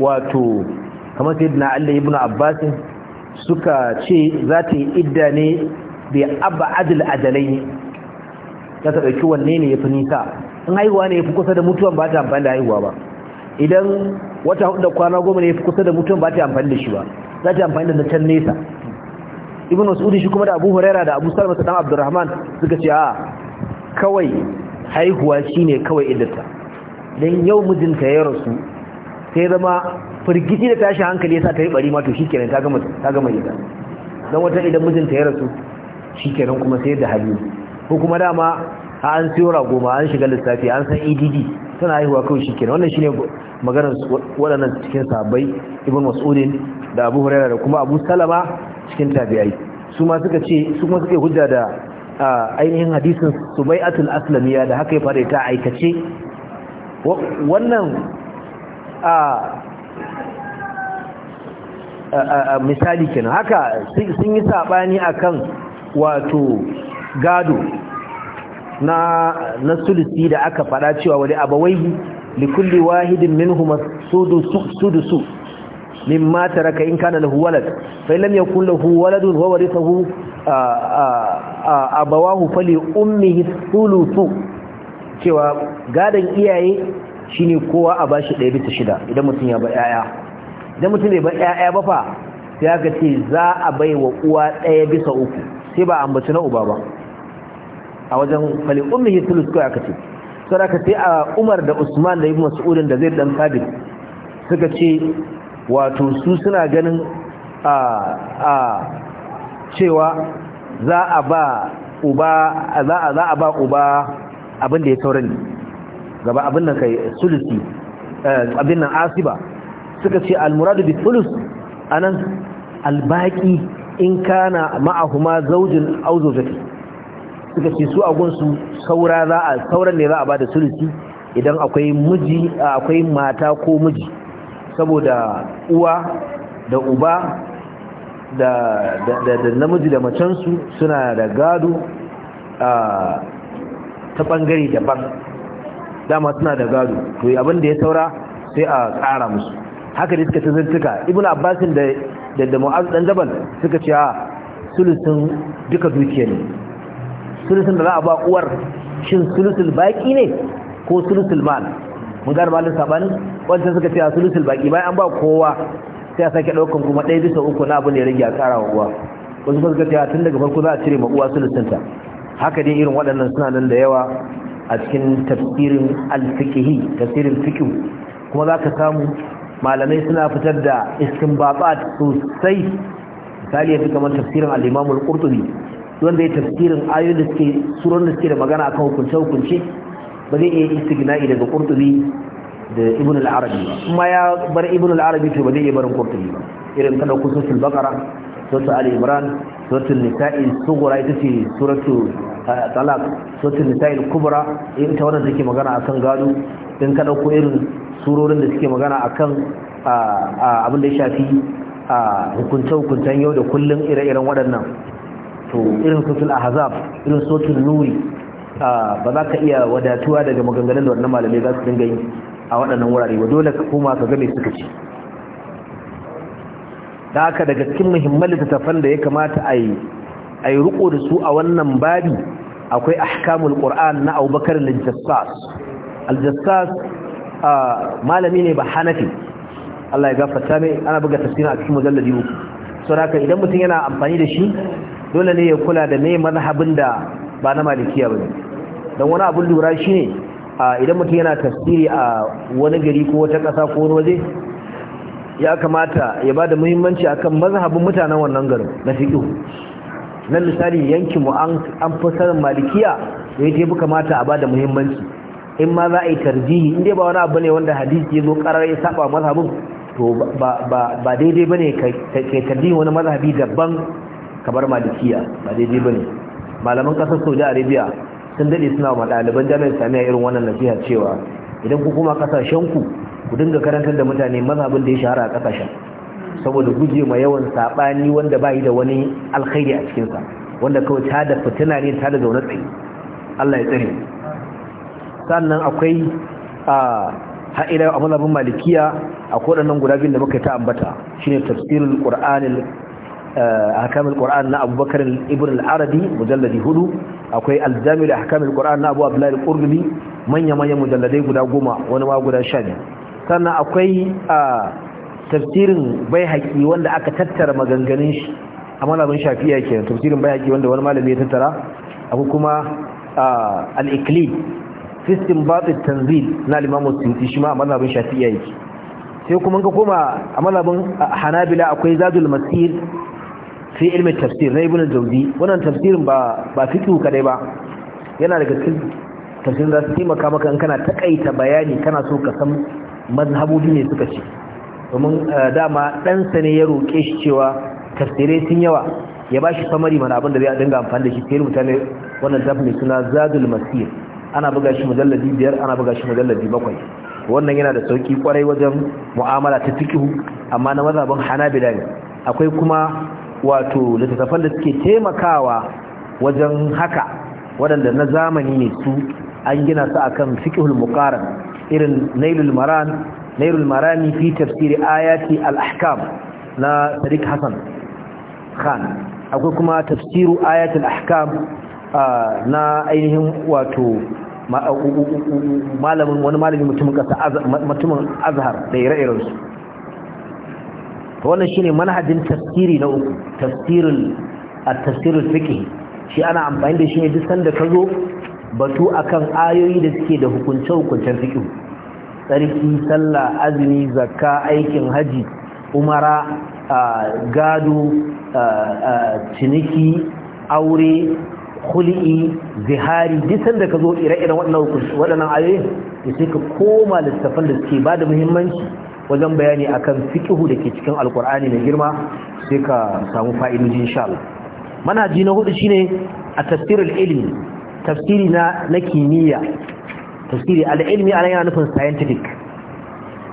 wato kamar sayyidina Ali ibn Abbas suka ce za ta yi idda ne bi abba adil adalai za ta dauki wanne ne ya fi nisa in haihuwa ne ya fi kusa da mutuwan ba ta amfani da haihuwa ba idan wata hudu da kwana goma ne ya fi kusa da mutuwan ba ta amfani da shi ba za ta amfani da na can nesa ibn mas'udi shi kuma da abu huraira da abu salma dan abdurrahman suka ce a kawai haihuwa shine kawai iddata dan yau mijinta ya rasu sai zama firgiti da tashi hankali ya sa ta yi bari ma to shikenan ta gama ta gama ita dan wata idan mijinta ya rasu kenan kuma sai da hali ko kuma dama an siyo rago ma an shiga lissafi an san EDD tana haihuwa kawai kenan wannan shine maganar waɗannan cikin sabai Ibn Mas'udin da Abu huraira da kuma Abu Salama cikin tabi'ai su ma suka ce su kuma suke hujja da ainihin hadisin Subai'atul aslamiya da haka ya fara ta aikace wannan misali kenan haka sun yi saɓani akan wato gado na na sulusi da aka fada cewa wani abawai likulli wahidin minhum sudusu sudusu mimma taraka in kana lahu walad fa in kula yakul lahu waladun wa warithahu abawahu fali ummihi sulusu cewa gadan iyaye Shi ne kowa a bashi ɗaya bisa shida idan mutum ya ba ƴaƴa idan mutum bai ba ƴaƴa ba fa sai aka ce za a bai wa uwa ɗaya bisa uku sai ba ambaci na uba ba a wajen fali ummihi tulus kai aka ce sai aka ce a Umar da Usman da Ibn Mas'ud da zai dan Thabit suka ce wato su suna ganin a cewa za a ba uba za abin da ya saurani. gaba abin nan kai eh, sulusi eh, abin nan asiba suka ce almuradu bi sulus anan albaki in kana ma'ahuma zaujin auzuzati suka ce su a gunsu saura za a sauran ne za a bada sulusi idan akwai miji akwai mata ko miji saboda uwa da uba da da namiji da su suna da gado ah, ta bangare daban dama suna da gado to abin da ya saura sai a ƙara musu haka da suka tazartuka ibn abbasin da da mu'az dan jabal suka ce a sulusun duka dukiya ne sulusun da za a ba uwar shin sulusul baki ne ko sulusul mal mun ga malin saban wancan suka ce a sulusul baki bayan an ba kowa sai a sake daukan kuma ɗaya bisa uku na abin da ya rage a ƙara wa uwa wasu kuma suka ce tun daga farko za a cire ma uwa sulusunta haka dai irin waɗannan suna nan da yawa a cikin tafsirin alfikihi tafsirin fikihu kuma za ka samu malamai suna fitar da iskin istinbabat sosai misali ya fi kamar tafsirin al'imamu al-qurtubi wanda ya tafsirin ayoyin da suke suran da suke da magana akan hukunce-hukunce ba zai iya istigna'i daga qurtubi da ibn al-arabi ba kuma ya bar ibn al-arabi to ba zai iya barin qurtubi ba irin kana kusutul baqara suratul ali imran suratul nisa'i sughra ita ce suratul talaq suratul nisa'i kubra ta wannan take magana akan gado in ka dauko irin surorin da suke magana akan abin da ya shafi hukunce-hukuncen yau da kullun ire-iren waɗannan to irin suratul ahzab irin suratul nuri ba za ka iya wadatuwa daga maganganun da wannan malamai za su dinga yi a waɗannan wurare ba dole ka koma ka ga me suka ce da haka daga cikin muhimman littattafan da ya kamata a yi a yi riko da su a wannan babi akwai ahkamul qur'an na abubakar al-jassas al-jassas malami ne ba hanafi Allah ya gafarta mai ana buga tasiri a cikin mujalladi uku haka idan mutum yana amfani da shi dole ne ya kula da mai mazhabin da ba na malikiya bane dan wani abun lura shine idan mutum yana tafsiri a wani gari ko wata ƙasa ko wani waje ya kamata ya bada muhimmanci akan mazhabin mutanen wannan garin na fiqh nan misali yankin mu an an malikiya da dai bu kamata a bada muhimmanci in ma za a yi tarjihi in dai ba wani abu ne wanda hadisi ya zo karar ya saba mazhabin to ba ba ba daidai bane kai tarjihi wani mazhabi daban kamar malikiya ba daidai bane malaman kasar Saudi Arabia sun dade suna wa ɗaliban jami'ar Islamiyya irin wannan nasiha cewa idan ku kuma kasashen ku ku dinga karantar da mutane mazhabin da ya shahara a kasashen saboda guje ma yawan sabani wanda bai da wani alkhairi a cikin sa wanda kawai ta da fitina ne ta da zaune tsaye Allah ya tsare sannan akwai a ha'ira a mazhabin malikiya a kodannan guda biyun da muka ta ambata shine tafsirul qur'anil al qur'an na abubakar ibn al-arabi mujalladi hudu akwai al-jami' al qur'an na abu abdullah al-qurbi manya manya mujalladai guda goma wani ma guda sannan akwai a tafsirin bai haƙi wanda aka tattara maganganun shi a malamin shafiya ke tafsirin bai haƙi wanda wani malami ya tattara akwai kuma al'ikli fistin batin tanzil na limamu suyuti shi ma a malamin shafiya ke sai kuma ka koma a malamin hanabila akwai zadul masir fi ilmin tafsir na ibn jauzi wannan tafsirin ba ba fiqhu kadai ba yana daga cikin tafsirin za su taimaka maka in kana takaita bayani kana so ka san mazhabobi ne suka ce domin eh, dama ɗansa ne ya roƙe shi cewa tafsire sun yawa ya ba shi samari mana abin da zai dinga amfani da shi sai mutane wannan tafi mai suna zadul masir ana buga shi mujalladi biyar ana buga shi mujalladi bakwai wannan yana da sauki kwarai wajen mu'amala ta fiƙihu amma na mazhabin hanabila ne akwai kuma wato littattafan da suke taimakawa wajen haka waɗanda na zamani ne su an gina su akan fiqhul muqaran irin nailul maran nailul marani fi tafsiri ayati al-ahkam na Tariq Hassan Khan akwai kuma tafsiru ayatul ahkam na ainihin wato malamin wani malamin mutumin kasa mutumin azhar da ire-iren su wannan shine manhajin tafsiri na uku tafsirul at-tafsirul fiqh shi ana amfani da shi ne duk sanda ka zo batu akan ayoyi da suke da hukuncin hukuncin fiqh tsarki sallah azumi zakka aikin haji umara gado ciniki aure kuli'i zihari disan da ka zo ire-iren waɗannan ayoyin da sai ka koma littattafan da suke ba da muhimmanci wajen bayani akan fikihu da ke cikin alkur'ani mai girma sai ka samu fa'idojin sha'ala manaji na hudu shine a tafsirar ilimi tafsiri na kimiyya tafsiri al-ilmi a yana nufin scientific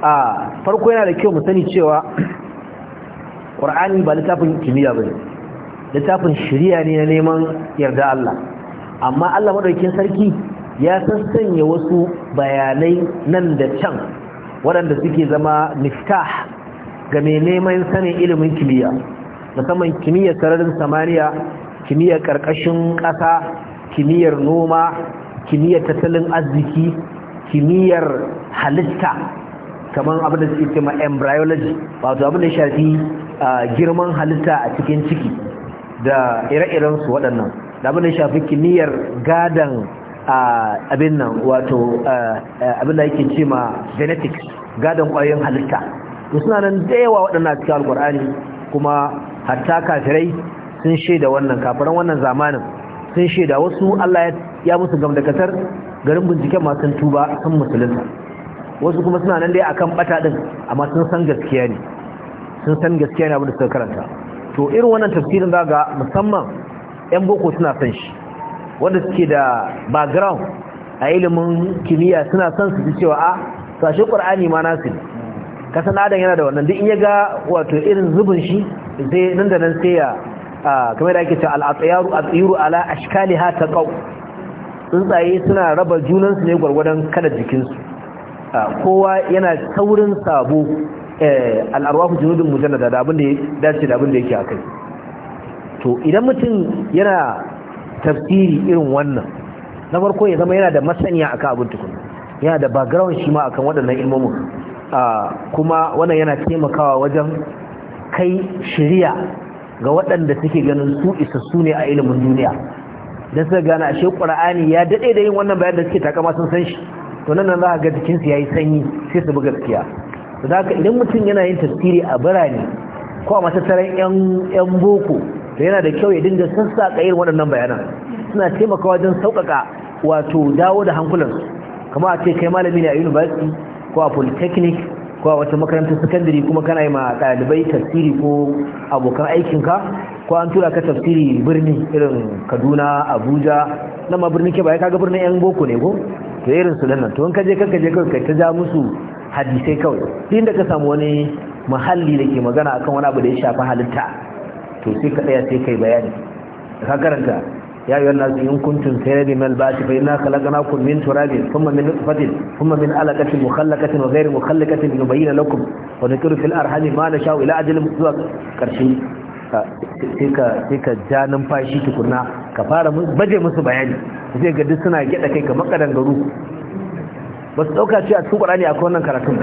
a farko yana da kyau mu sani cewa Ƙur'ani ba littafin kimiyya ba ne littafin ne na neman yarda Allah amma Allah maɗaukin sarki ya sassanya wasu bayanai nan da can waɗanda suke zama miftah ga mai neman sanin ilimin kimiyya musamman kimiyyar sararin samaniya kimiyyar ƙarƙashin ƙasa kimiyyar noma kimiyyar tattalin arziki kimiyyar halitta kamar abin da suke cema embryology wato abin da shafi girman halitta a cikin ciki da ire-irensu waɗannan da abin da shafi kimiyyar gadon abin nan wato abin da yake cema genetics gadon ƙwayoyin halitta suna nan da yawa waɗannan cikin alƙur'ani kuma hatta kafirai sun shaida wannan kafiran wannan zamanin sun shaida wasu Allah ya ya musu kasar garin binciken ma sun tuba sun musulunta wasu kuma suna nan dai akan bata din amma sun san gaskiya ne sun san gaskiya ne abin da suka karanta to irin wannan tafsirin za ga musamman yan boko suna san shi wanda suke da background a ilimin kimiyya suna san su cewa a ah, sashi qur'ani ma nasu kasan adam yana da wannan duk in ya ga wato irin zubin shi sai nan da nan sai ya ah, kamar da ake cewa al-atyaru atyiru ala ashkaliha taqaw tsuntsaye suna raba junansu ne gwargwadon kada jikinsu kowa yana taurin sabo eh, al'arwahu junudun mujallada da abin da ya dace da abin da yake a kai to idan mutum yana tafsiri irin wannan na farko ya zama yana da masaniya akan abin tukun yana da background shi ma akan waɗannan ilmomin kuma wannan yana taimakawa wajen kai shiriya ga waɗanda suke ganin su isassu ne a ilimin duniya dan suka gane ashe qur'ani ya dade da yin wannan bayan da suke takama sun san shi to nan nan za ga cikin su yayi sanyi sai su buga gaskiya to da idan mutum yana yin tafsiri a birane ko a matattaran yan yan boko to yana da kyau ya dinga sassaka irin waɗannan bayanan suna taimakawa wajen sauƙaƙa wato dawo da hankulansu kamar a ce kai malami ne a university ko a polytechnic ko a wata makarantar sakandare kuma kana yi ma ɗalibai tafsiri ko abokan aikinka ko an tura ka tafsiri birni irin kaduna abuja nan ma birnin ke ba kaga birnin yan boko ne ko To irin su nan to in kaje kan kaje kawai kai ta ja musu hadisai kawai inda ka samu wani muhalli da ke magana akan wani abu da ya shafi halitta to sai ka tsaya sai kai bayani ka karanta يا أيها الناس إن كنتم كيرد من الباس فإنا خلقناكم من تراب ثم من نطفة ثم من علقة مخلقة وغير مخلقة لنبين لكم ونذكر في ma ما نشاء ila أجل zuwa ƙarshen. sai ka ja numfashi tukuna ka fara baje musu bayani sai ga duk suna gyada kai kamar ba su dauka cewa cikin akwai wannan karatun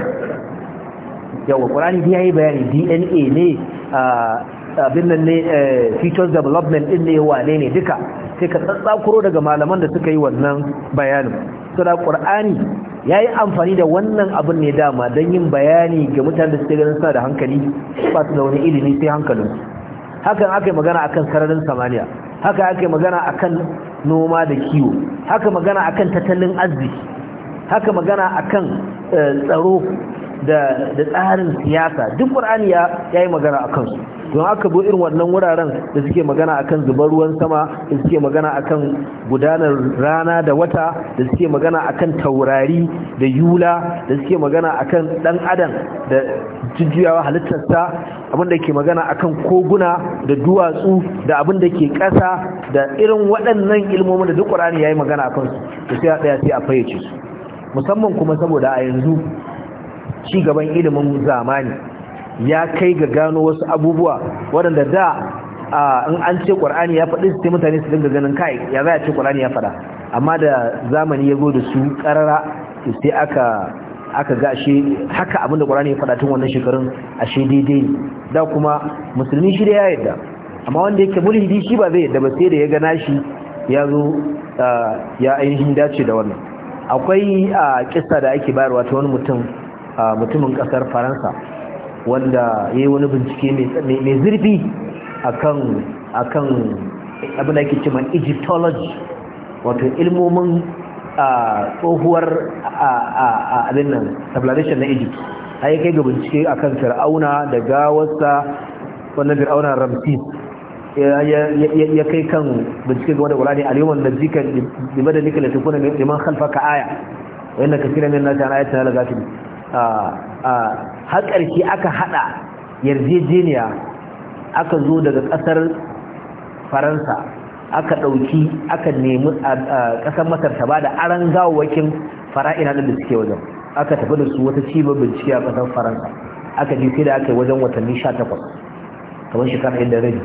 yawa qur'ani ya yi bayani DNA ne abin nan ne eh, features development din ne wane ne duka sai ka tsatsakuro daga malaman da suka yi wannan bayanin sura qur'ani yayi amfani da wannan abin ne dama don yin bayani ga mutanen da suke ganin suna da hankali ba su da wani ilimi sai hankalin hakan aka yi magana akan sararin samaniya haka aka yi magana akan noma da kiwo haka magana akan tattalin arziki haka magana akan eh, tsaro da tsarin siyasa duk qur'ani ya yi magana akan su don aka bu irin wannan wuraren da suke magana akan zubar ruwan sama da suke magana akan gudanar rana da wata da suke magana akan taurari da yula da suke magana akan dan adam da jujjuyawa halittarsa da ke magana akan koguna da duwatsu da abin da ke ƙasa da irin waɗannan ilmomin da duk ƙur'ani yayi magana akan su sai a tsaya sai a fayyace su musamman kuma saboda a yanzu ci gaban ilimin zamani ya kai ga gano wasu abubuwa waɗanda da in an ce ƙwar'ani ya faɗi su ta mutane su dinga ganin kai ya za a ce ƙwar'ani ya faɗa amma da zamani ya zo da su ƙarara sai aka aka ga ashe haka abin da ƙwar'ani ya faɗa tun wannan shekarun ashe daidai da kuma musulmi shi da ya yarda amma wanda yake mulhidi shi ba zai yarda ba sai da ya gana shi ya zo ya ainihin dace da wannan akwai a kissa da ake bayarwa ta wani mutum mutumin ƙasar faransa wanda yayi wani bincike mai zurfi akan akan abin da yake cewa egyptology wato ilmomin tsohuwar abin nan civilization na egypt ai kai ga bincike akan fir'auna da gawarsa wannan fir'auna ramses ya kai kan bincike game da qur'ani al-yawma nadhika bi madadika la takuna liman khalfaka aya wa inna kaseeran min an-nasi an ayatina har ƙarshe aka haɗa yarjejeniya aka zo daga ƙasar faransa aka ɗauki aka nemi ƙasar masar ta ba da aran gawawakin fara'ina da suke wajen aka tafi da su wata cibiyar bincike a ƙasar faransa aka ji sai da aka yi wajen watanni sha takwas kamar shekara inda rabi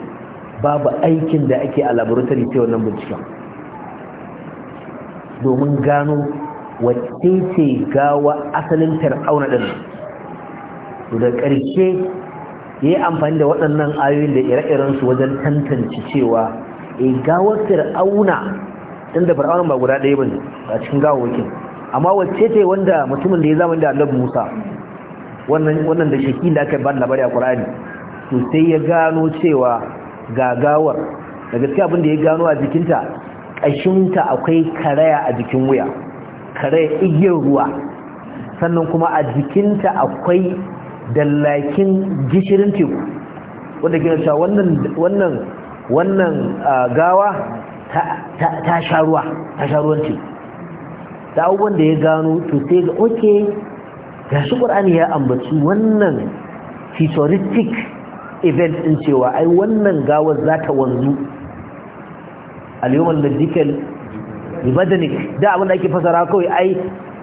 babu aikin da ake a laboratory sai wannan binciken domin gano wacce ce gawa asalin fir'auna din to da ƙarshe yayi amfani da waɗannan ayoyin da ire-iren su wajen tantance cewa eh gawar fir'auna inda fir'auna ba guda ɗaya bane a cikin gawawakin amma wacce ce wanda mutumin da ya zama da Annabi Musa wannan wannan da shaki da aka ba labari a Qur'ani to sai ya gano cewa gagawar da gaskiya abin da ya gano a jikinta ƙashinta akwai karaya a jikin wuya kare igiyar ruwa sannan kuma a jikinta akwai dallakin gishirin teku wanda ke cewa wannan wannan gawa ta sha ruwa ta sha ruwan teku da abubuwan da ya gano to sai ga oke ga su ƙwar'ani ya ambaci wannan historic event ɗin cewa ai wannan gawar za ta wanzu al jikin. badani da abin da ake fasara kawai ai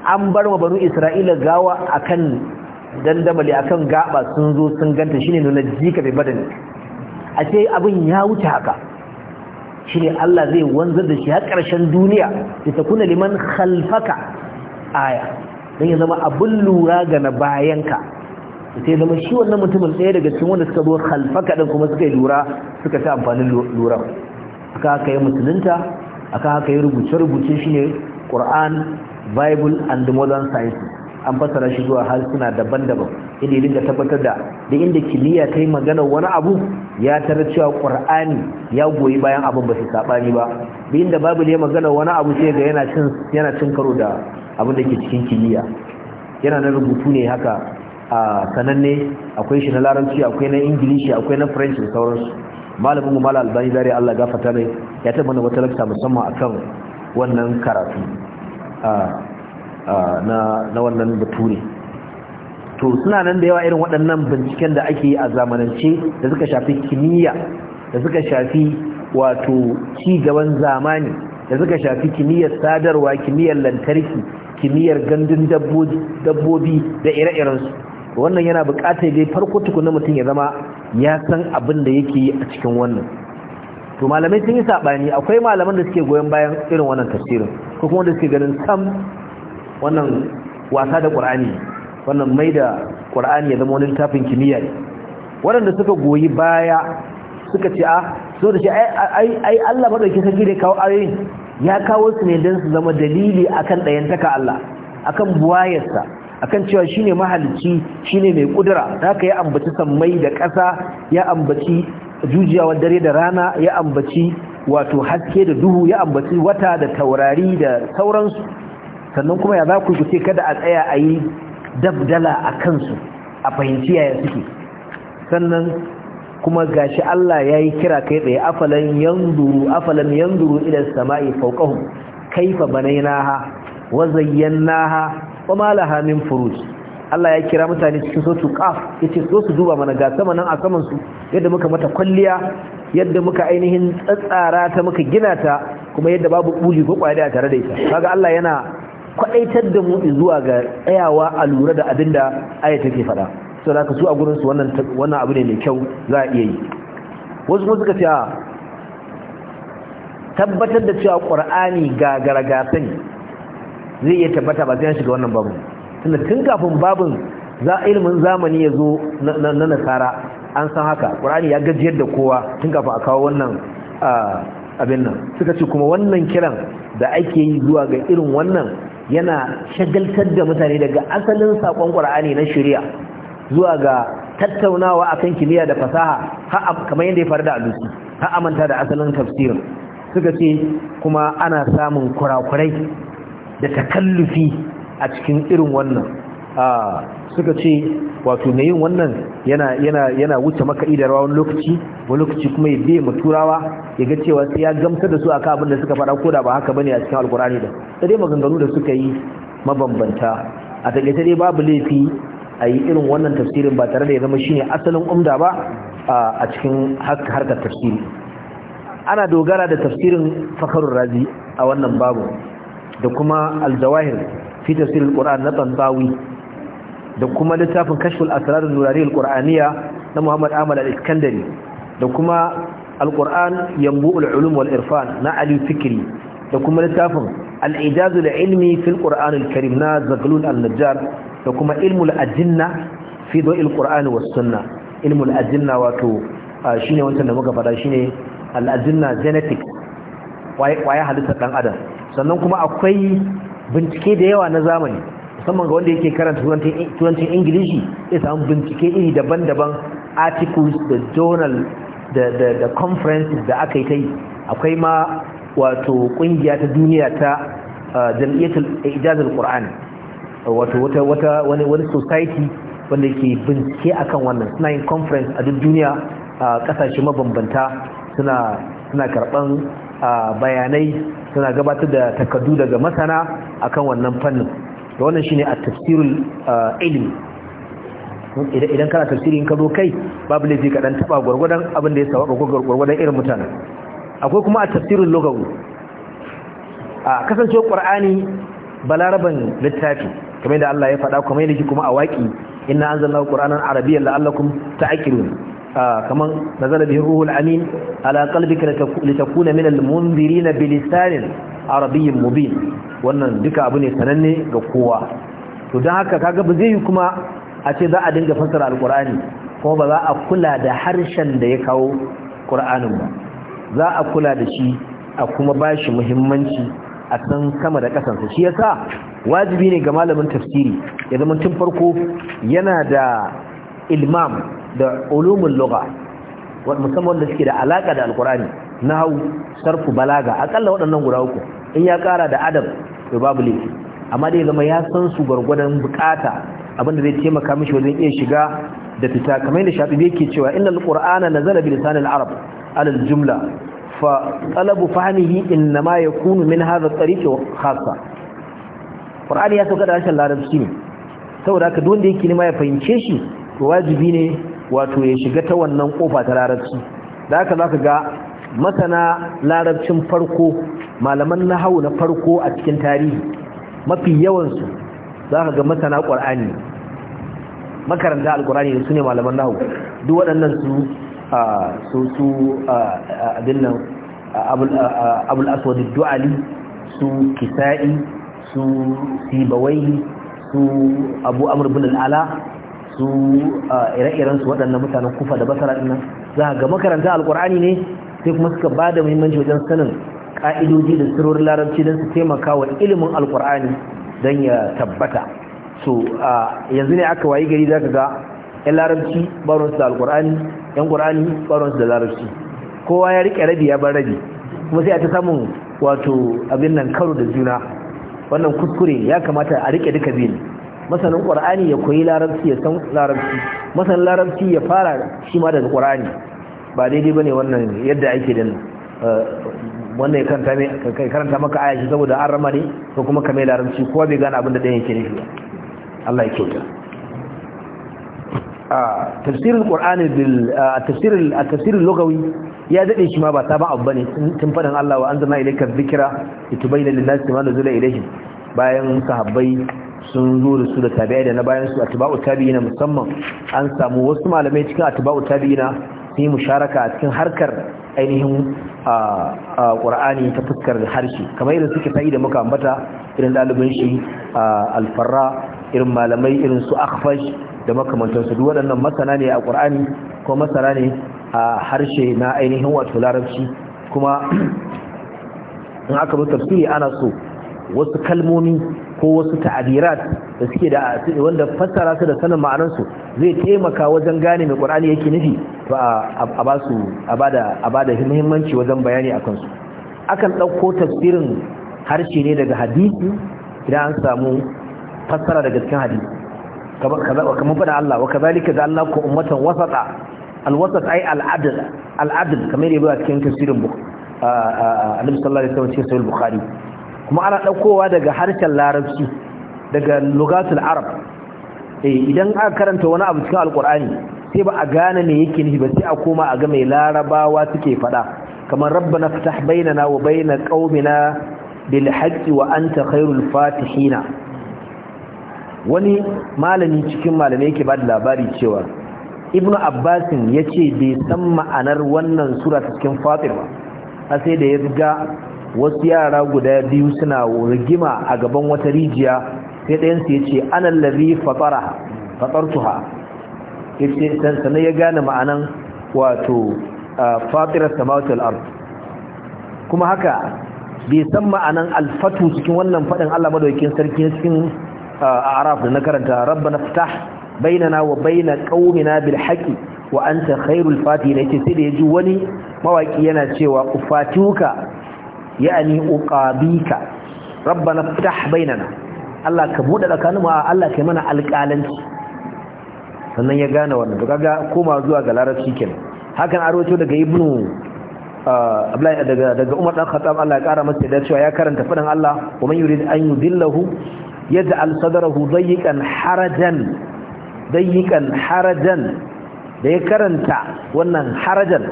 an bar wa banu isra'ila gawa akan dandamali akan gaba sun zo sun ganta shine nuna jika bi badani a ce abin ya wuce haka shine Allah zai wanzar da shi har karshen duniya ya kuna liman khalfaka aya dan ya zama abin lura ga na bayanka sai zama shi wannan mutumin ɗaya daga cikin wanda suka zo khalfaka din kuma suka yi lura suka ta amfanin lura haka kai yi musulunta akan haka ya rubuce-rubuce shine ne bible and modern science an fassara shi zuwa harsuna daban-daban idan da tabbatar da da inda kimiyya ta yi magana wani abu ya tara cewa ƙur'ani ya goyi bayan abin ba su saɓani ba da inda bible ya magana wani abu sai ga yana cin yana cin karo da abin da ke cikin kimiyya yana na rubutu ne haka a sananne akwai shi na larabci akwai na ingilishi akwai na french da sauransu malamin mu malal albani dare Allah gafarta mai ya taba mana wata lakta musamman akan wannan karatu na na wannan bature to suna nan da yawa irin waɗannan binciken da ake yi a zamanance da suka shafi kimiyya da suka shafi wato ci gaban zamani da suka shafi kimiyyar sadarwa kimiyyar lantarki kimiyyar gandun dabbobi da ire-irensu wannan yana buƙatar dai farko na mutum ya zama ya san abin da yake yi a cikin wannan to malamai sun yi sabani akwai malaman da suke goyon bayan irin wannan tafsirin ko kuma wanda suke ganin sam wannan wasa da ƙur'ani wannan mai da ƙur'ani ya zama wani tafin kimiyya waɗanda suka goyi baya suka ce a ah, so da shi ai Allah madauki sarki da kawo ayoyin ya kawo su ne don su zama dalili akan ɗayantaka Allah akan buwayarsa akan cewa shine mahalicci shine mai kudura ka ya ambaci sammai da ƙasa ya ambaci jujiyawar dare da rana ya ambaci wato haske da duhu ya ambaci wata da taurari da sauransu sannan kuma ya za ku ce kada a tsaya a yi dabdala a kansu a fahimci yaya suke sannan kuma gashi Allah ya yi kira kai tsaye afalan yanzuru afalan yanzuru ila sama'i fawqahum kaifa banaynaha wa zayyanaha wa ma laha min furuj Allah ya kira mutane cikin sotu qaf yace so su duba mana ga sama nan a saman su yadda muka mata kwalliya yadda muka ainihin tsatsara ta muka gina ta kuma yadda babu buli ko kwaya da tare da ita kaga Allah yana kwadaitar da mu zuwa ga tsayawa a lura da abinda aya take faɗa so da su a gurin su wannan wannan abu ne mai kyau za a iya yi wasu kuma suka ce tabbatar da cewa qur'ani ga garagasa zai iya tabbata ba sai an shiga wannan babu tunda tun kafin babun za ilimin zamani ya zo na nasara an san haka qur'ani ya gajiyar da kowa tun kafin a kawo wannan abin nan suka ce kuma wannan kiran da ake yi zuwa ga irin wannan yana shagaltar da mutane daga asalin sakon qur'ani na shari'a zuwa ga tattaunawa akan kimiyya da fasaha har kamar yadda ya faru da alusi har amanta da asalin tafsirin suka ce kuma ana samun kurakurai da takallufi a cikin irin wannan suka ce wato mai yin wannan yana wuce maka idarwa wani lokaci wani lokaci kuma ya biye turawa ya ga cewa sai ya gamsar da su a abin da suka faɗa ko da ba haka bane a cikin alkurani da Ta dai maganganu da suka yi mabambanta a ta dai babu laifi a yi irin wannan tafsirin ba tare da ya zama shine asalin umda ba a cikin harkar tafsiri ana dogara da tafsirin fakarun razi a wannan babu da kuma al-jawahir fi tafsir al-Qur'an na Tantawi da kuma littafin Kashful Asrar an-Nurari al na Muhammad Ahmad al-Iskandari da kuma al Yanbu'ul Ulum wal Irfan na Ali Fikri da kuma littafin al-Ijaz al-Ilmi fi al al-Karim na Zaglul al-Najjar da kuma Ilmul Ajinna fi Dawil Qur'an was Sunnah Ilmul Ajinna wato shine wancan da muka fada shine al-Ajinna genetics waye halitta dan adam sannan kuma akwai bincike da yawa na zamani musamman ga wanda yake karanta turancin ingilishi ya samu bincike iri daban-daban articles da journal da conferences da aka yi ta yi akwai ma wato kungiya ta duniya ta uh, jam'iyyatul ijazul qur'an wato wata wata wani wani society wanda ke bincike akan wannan suna yin conference a duk duniya a uh, kasashe mabambanta suna suna karban bayanai suna gabatar da takardu daga masana akan wannan fannin da wannan shine a tafsirul uh, ilmi idan kana tafsirin ka zo kai babu laifi ka dan taba gurgurdan abin da ya saba ko gurgurdan irin mutanen akwai kuma a tafsirul lugawi a kasance qur'ani balaraban littafi kamar da Allah ya faɗa kamar yadda kuma a waki inna anzalnahu qur'anan arabiyyan la'allakum ta'qilun kaman نزل به الروح amin على قلبك لتكون من المنذرين bilisanin عربي مبين wannan duka abu ne sananne ga kowa to don haka kaga ba zai yi kuma a ce za a dinga fassara alqur'ani kuma ba za a kula da harshen da ya kawo qur'anin ba za a kula da shi a kuma bashi muhimmanci a san sama da kasansa shi yasa wajibi ne ga malamin tafsiri ya zama tun farko yana da ilmam da ulumin lugha musamman da suke da alaka da alqur'ani nahwu sarfu balaga akalla waɗannan guda uku in ya kara da adab to babu laifi amma dai zama ya san su gwargwadon bukata abinda zai taimaka mishi wajen iya shiga da fita kamar yadda shafi ke cewa innal qur'ana nazala bi lisanil arab ala al jumla fa talabu fahmihi inma yakunu min hadha at-tariq khassa qur'ani ya sauka da harshen larabci ne saboda haka duk wanda yake nima ya fahimce shi wajibi ne wato ya shiga ta wannan kofa ta larabci da haka zaka ga masana larabcin farko malaman nahawu na farko a cikin tarihi mafi yawansu su zaka ga masana qur'ani makaranta alqur'ani su ne malaman nahawu duk waɗannan su su su abin nan abul aswad duali su kisa'i su sibawai su abu amr bin su ire-iren su waɗannan mutanen kufa da basara ɗin za ga makaranta alƙur'ani ne sai kuma suka ba da muhimmanci wajen sanin ƙa'idoji da sirorin larabci don su taimaka wa ilimin alƙur'ani don ya tabbata so yanzu ne aka wayi gari za ka ga 'yan larabci baronsu da alƙur'ani 'yan ƙur'ani baronsu da larabci kowa ya riƙe rabi ya bar rabi kuma sai a ta samun wato abin nan karo da juna wannan kuskure ya kamata a riƙe duka biyu masanin ƙwar'ani ya koyi larabci ya san larabci masanin larabci ya fara shi ma daga qur'ani ba daidai ne wannan yadda ake din eh, wannan ya karanta maka aya shi saboda an rama ne ko kuma ka mai larabci ko bai gane abin da dan yake nufi Allah ya kyauta a ah, tafsirin qur'ani ah, tafsirin ah, lugawi ya dade shi ma ba sabon abu ba ne tun fadan Allah wa anzalna ilayka dhikra da lin-nasi ma zula ilayhim bayan sahabbai sun zo da su da tabi'ai da na bayan su atba'u tabi'ina musamman an samu wasu malamai cikin atba'u tabi'ina sun yi musharaka a cikin harkar ainihin ƙura'ani ta fuskar harshe kamar irin suke fa'i da muka ambata irin ɗalibin shi alfarra irin malamai irin su akhfash da makamantansu duk waɗannan masana ne a ƙura'ani ko masana ne a harshe na ainihin wato larabci kuma in aka bi tafsiri ana so wasu kalmomi ko wasu ta'abirat da suke da wanda fassara su da sanin ma'anarsu zai taimaka wajen gane mai qur'ani yake nufi to a ba su a bada a bada muhimmanci wajen bayani akan su akan dauko tafsirin harshe ne daga hadisi idan an samu fassara daga cikin hadisi kamar fada Allah wa kazalika ku ummatan wasata alwasat ay al'adl al'adl kamar yadda cikin tafsirin bukhari annabi sallallahu alaihi wasallam cikin sahih bukhari kuma ana ɗaukowa daga harshen larabci daga lugatul arab eh, idan aka karanta wani abu cikin alkur'ani sai ba a gane me yake nufi ba sai a koma a ga mai larabawa suke faɗa kamar rabbana fatah bainana wa baina qaumina bil haqqi wa anta khairul fatihina wani malami cikin malamai yake ba da labari cewa ibnu abbasin yace bai san ma'anar wannan sura cikin fatir ba sai da ya riga wasu yara guda biyu suna rigima a gaban wata rijiya sai ɗayan ya ce ana lari fatara fatartuha ya ce sannan ya gane ma'anan wato fatirar samawatul ard kuma haka bai san ma'anan alfatu cikin wannan faɗin allah madaukin sarki cikin a araf da na karanta rabba na fitah bainana wa baina ƙaunina bil haƙi wa ta khairul na ke sai da yaji wani mawaƙi yana cewa ufatuka ya'ani uqabika rabbana ftah bainana Allah ka bude tsakanin mu Allah kai mana alƙalanci sannan ya gane wannan to kaga koma zuwa ga larabci kenan hakan a arwato daga ibnu uh, Abdullahi daga daga Umar dan Khattab Allah ya kara masa da cewa ya karanta fadan Allah wa man yurid an yudillahu yaj'al sadrahu dayyqan harajan dayyqan harajan da ya karanta wannan harajan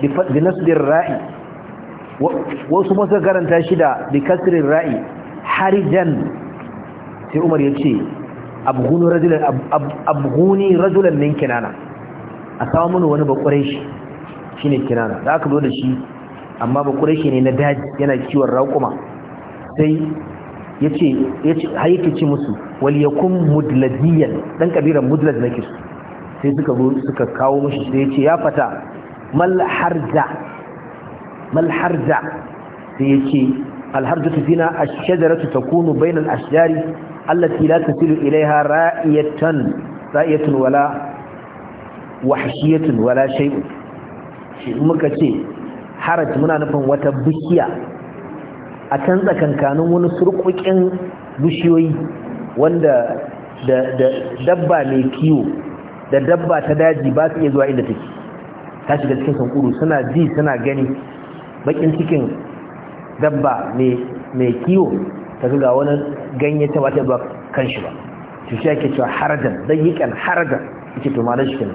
bi nasdir ra'i wasu masu karanta shi da bikasirin ra'i harijan sai umar ya ce abguni rajulan min kinana a samu mana wani bakwarai shi shi ne kinana da aka zo da shi amma bakwarai shi ne na daji yana kiwon raƙuma sai ya ce haike ce musu waliyakun mudladiyyar ɗan ƙabirar mudlad na kisu sai suka suka kawo mashi sai ya ce ya fata mal harja malharza sai ya ce alharza ta fina a shajaratu ta kunu bainan ashjari allati la tasilu ilaiha ra'iyatan wala wahshiyatun wala shay'un shi muka ce haraj muna nufin wata bishiya a can tsakankanin wani surkukin bishiyoyi wanda da dabba mai kiwo da dabba ta daji ba su iya zuwa inda take ta shiga cikin sankuru suna ji suna gani bakin cikin dabba mai kiwo ta ga wani ganye ta wata ba kan shi ba su shi ake cewa harajan harada. harajan ake to shi ne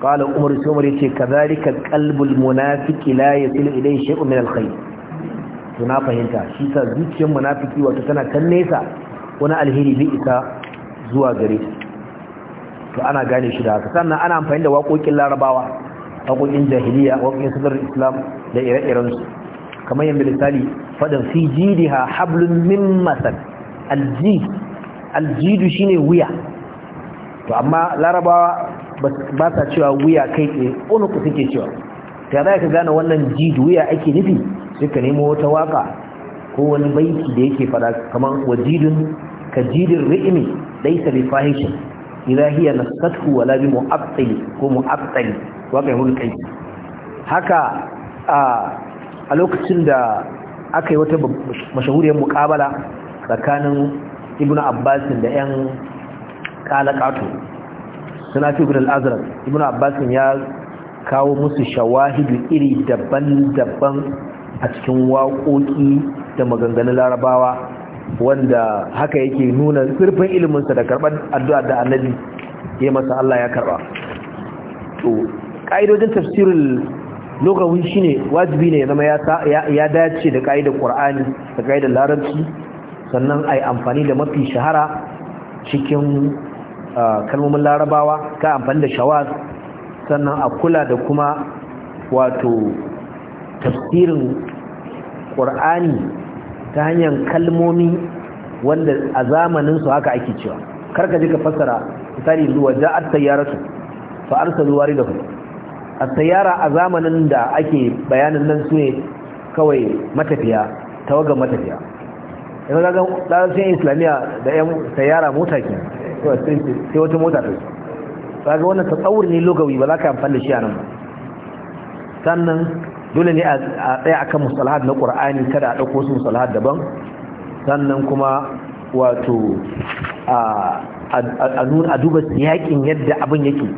ƙwalar umar sumar yace kadhalika kalbul munafiki la yasil idan shay'un min alkhayr to na fahimta shi sa zuciyar munafiki wata tana kan nesa wani alheri bai isa zuwa gare to ana gane shi da haka sannan ana amfani da waƙoƙin larabawa haƙoƙin jahiliya haƙoƙin sadar islam da ire-irensu kamar yadda misali fadan fi ha hablun min masar aljid aljidu shine wuya to amma larabawa ba sa cewa wuya kai tsaye unuku suke cewa ta za ka gane wannan jid wuya ake nufi sai ka nemo wata waka ko wani baiti da yake fada kamar wajidun ka jidin ri'imi laisa bi idza hiya nasatuhu wala bi mu'attili ko mu'attil wa kai hulqai haka a lokacin da aka wata mashahuriyar muƙabala tsakanin ibnu abbas da yan kalakatu suna fi ibn al-azraq ibnu abbas ya kawo musu shawahidu iri daban-daban a cikin waƙoƙi da maganganun larabawa wanda haka yake nuna zurfin iliminsa da karɓar addu'a da annabi ya masa Allah ya karɓa to ƙa'idojin tafsirin lokacin shi ne wajibi ne ya zama ya dace da ƙa'idar ƙur'ani da ƙa'idar larabci sannan a yi amfani da mafi shahara cikin kalmomin larabawa ka amfani da shawar sannan a kula da kuma wato tafsirin ƙur'ani ta hanyar kalmomi wanda a zamanin su haka ake cewa karka ji ka fassara misali zuwa ja'at tayyaratu fa arsalu waridahu a tayyara a zamanin da ake bayanin nan su ne kawai matafiya tawagar matafiya yanzu ga ɗalibin islamiyya da yan tayyara mota ke sai wata mota ta su ga wannan tsawur ne lokaci ba za ka amfani da shi a nan sannan dole ne a tsaya akan musalahat na qur'ani kada a dauko su musalahat daban sannan kuma wato a duba yakin yadda abin yake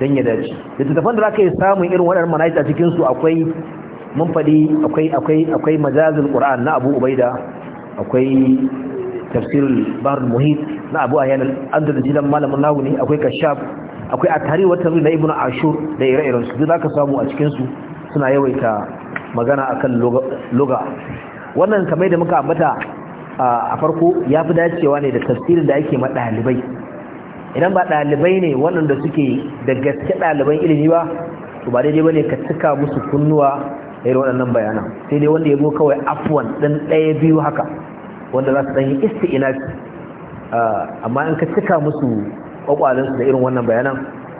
don ya dace littattafan da za ka yi samun irin waɗannan manajis a cikinsu akwai mun faɗi akwai akwai akwai majazin ƙura'an na abu ubaida akwai tafsir bahar muhit na abu a yanar an da jidan malamin nahu ne akwai kashaf akwai a tarihi wata na ibn ashur da ire-irensu duk za ka samu a cikinsu suna yawaita magana akan luga wannan kamar da muka ambata a farko ya fi dacewa ne da tafsirin da ake ma ɗalibai idan ba ɗalibai ne waɗanda suke da gaske ɗaliban ilimi ba to ba daidai ba ne ka cika musu kunnuwa a irin waɗannan bayanan sai dai wanda ya zo kawai afuwan ɗan ɗaya biyu haka wanda za su ɗan yi isti'inat amma in ka cika musu ƙwaƙwalinsu da irin wannan bayanan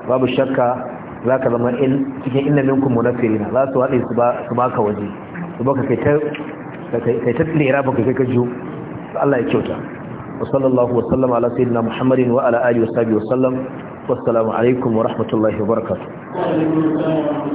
babu shakka za ka zama cikin inna minkum munafirina za su haɗe su ka waje su baka kai ta kai ta tsira baka kai ka jiyo Allah ya kyauta wa sallallahu wa sallama ala sayyidina muhammadin wa ala alihi wa sahbihi wa sallam wassalamu alaikum wa rahmatullahi wa barakatuh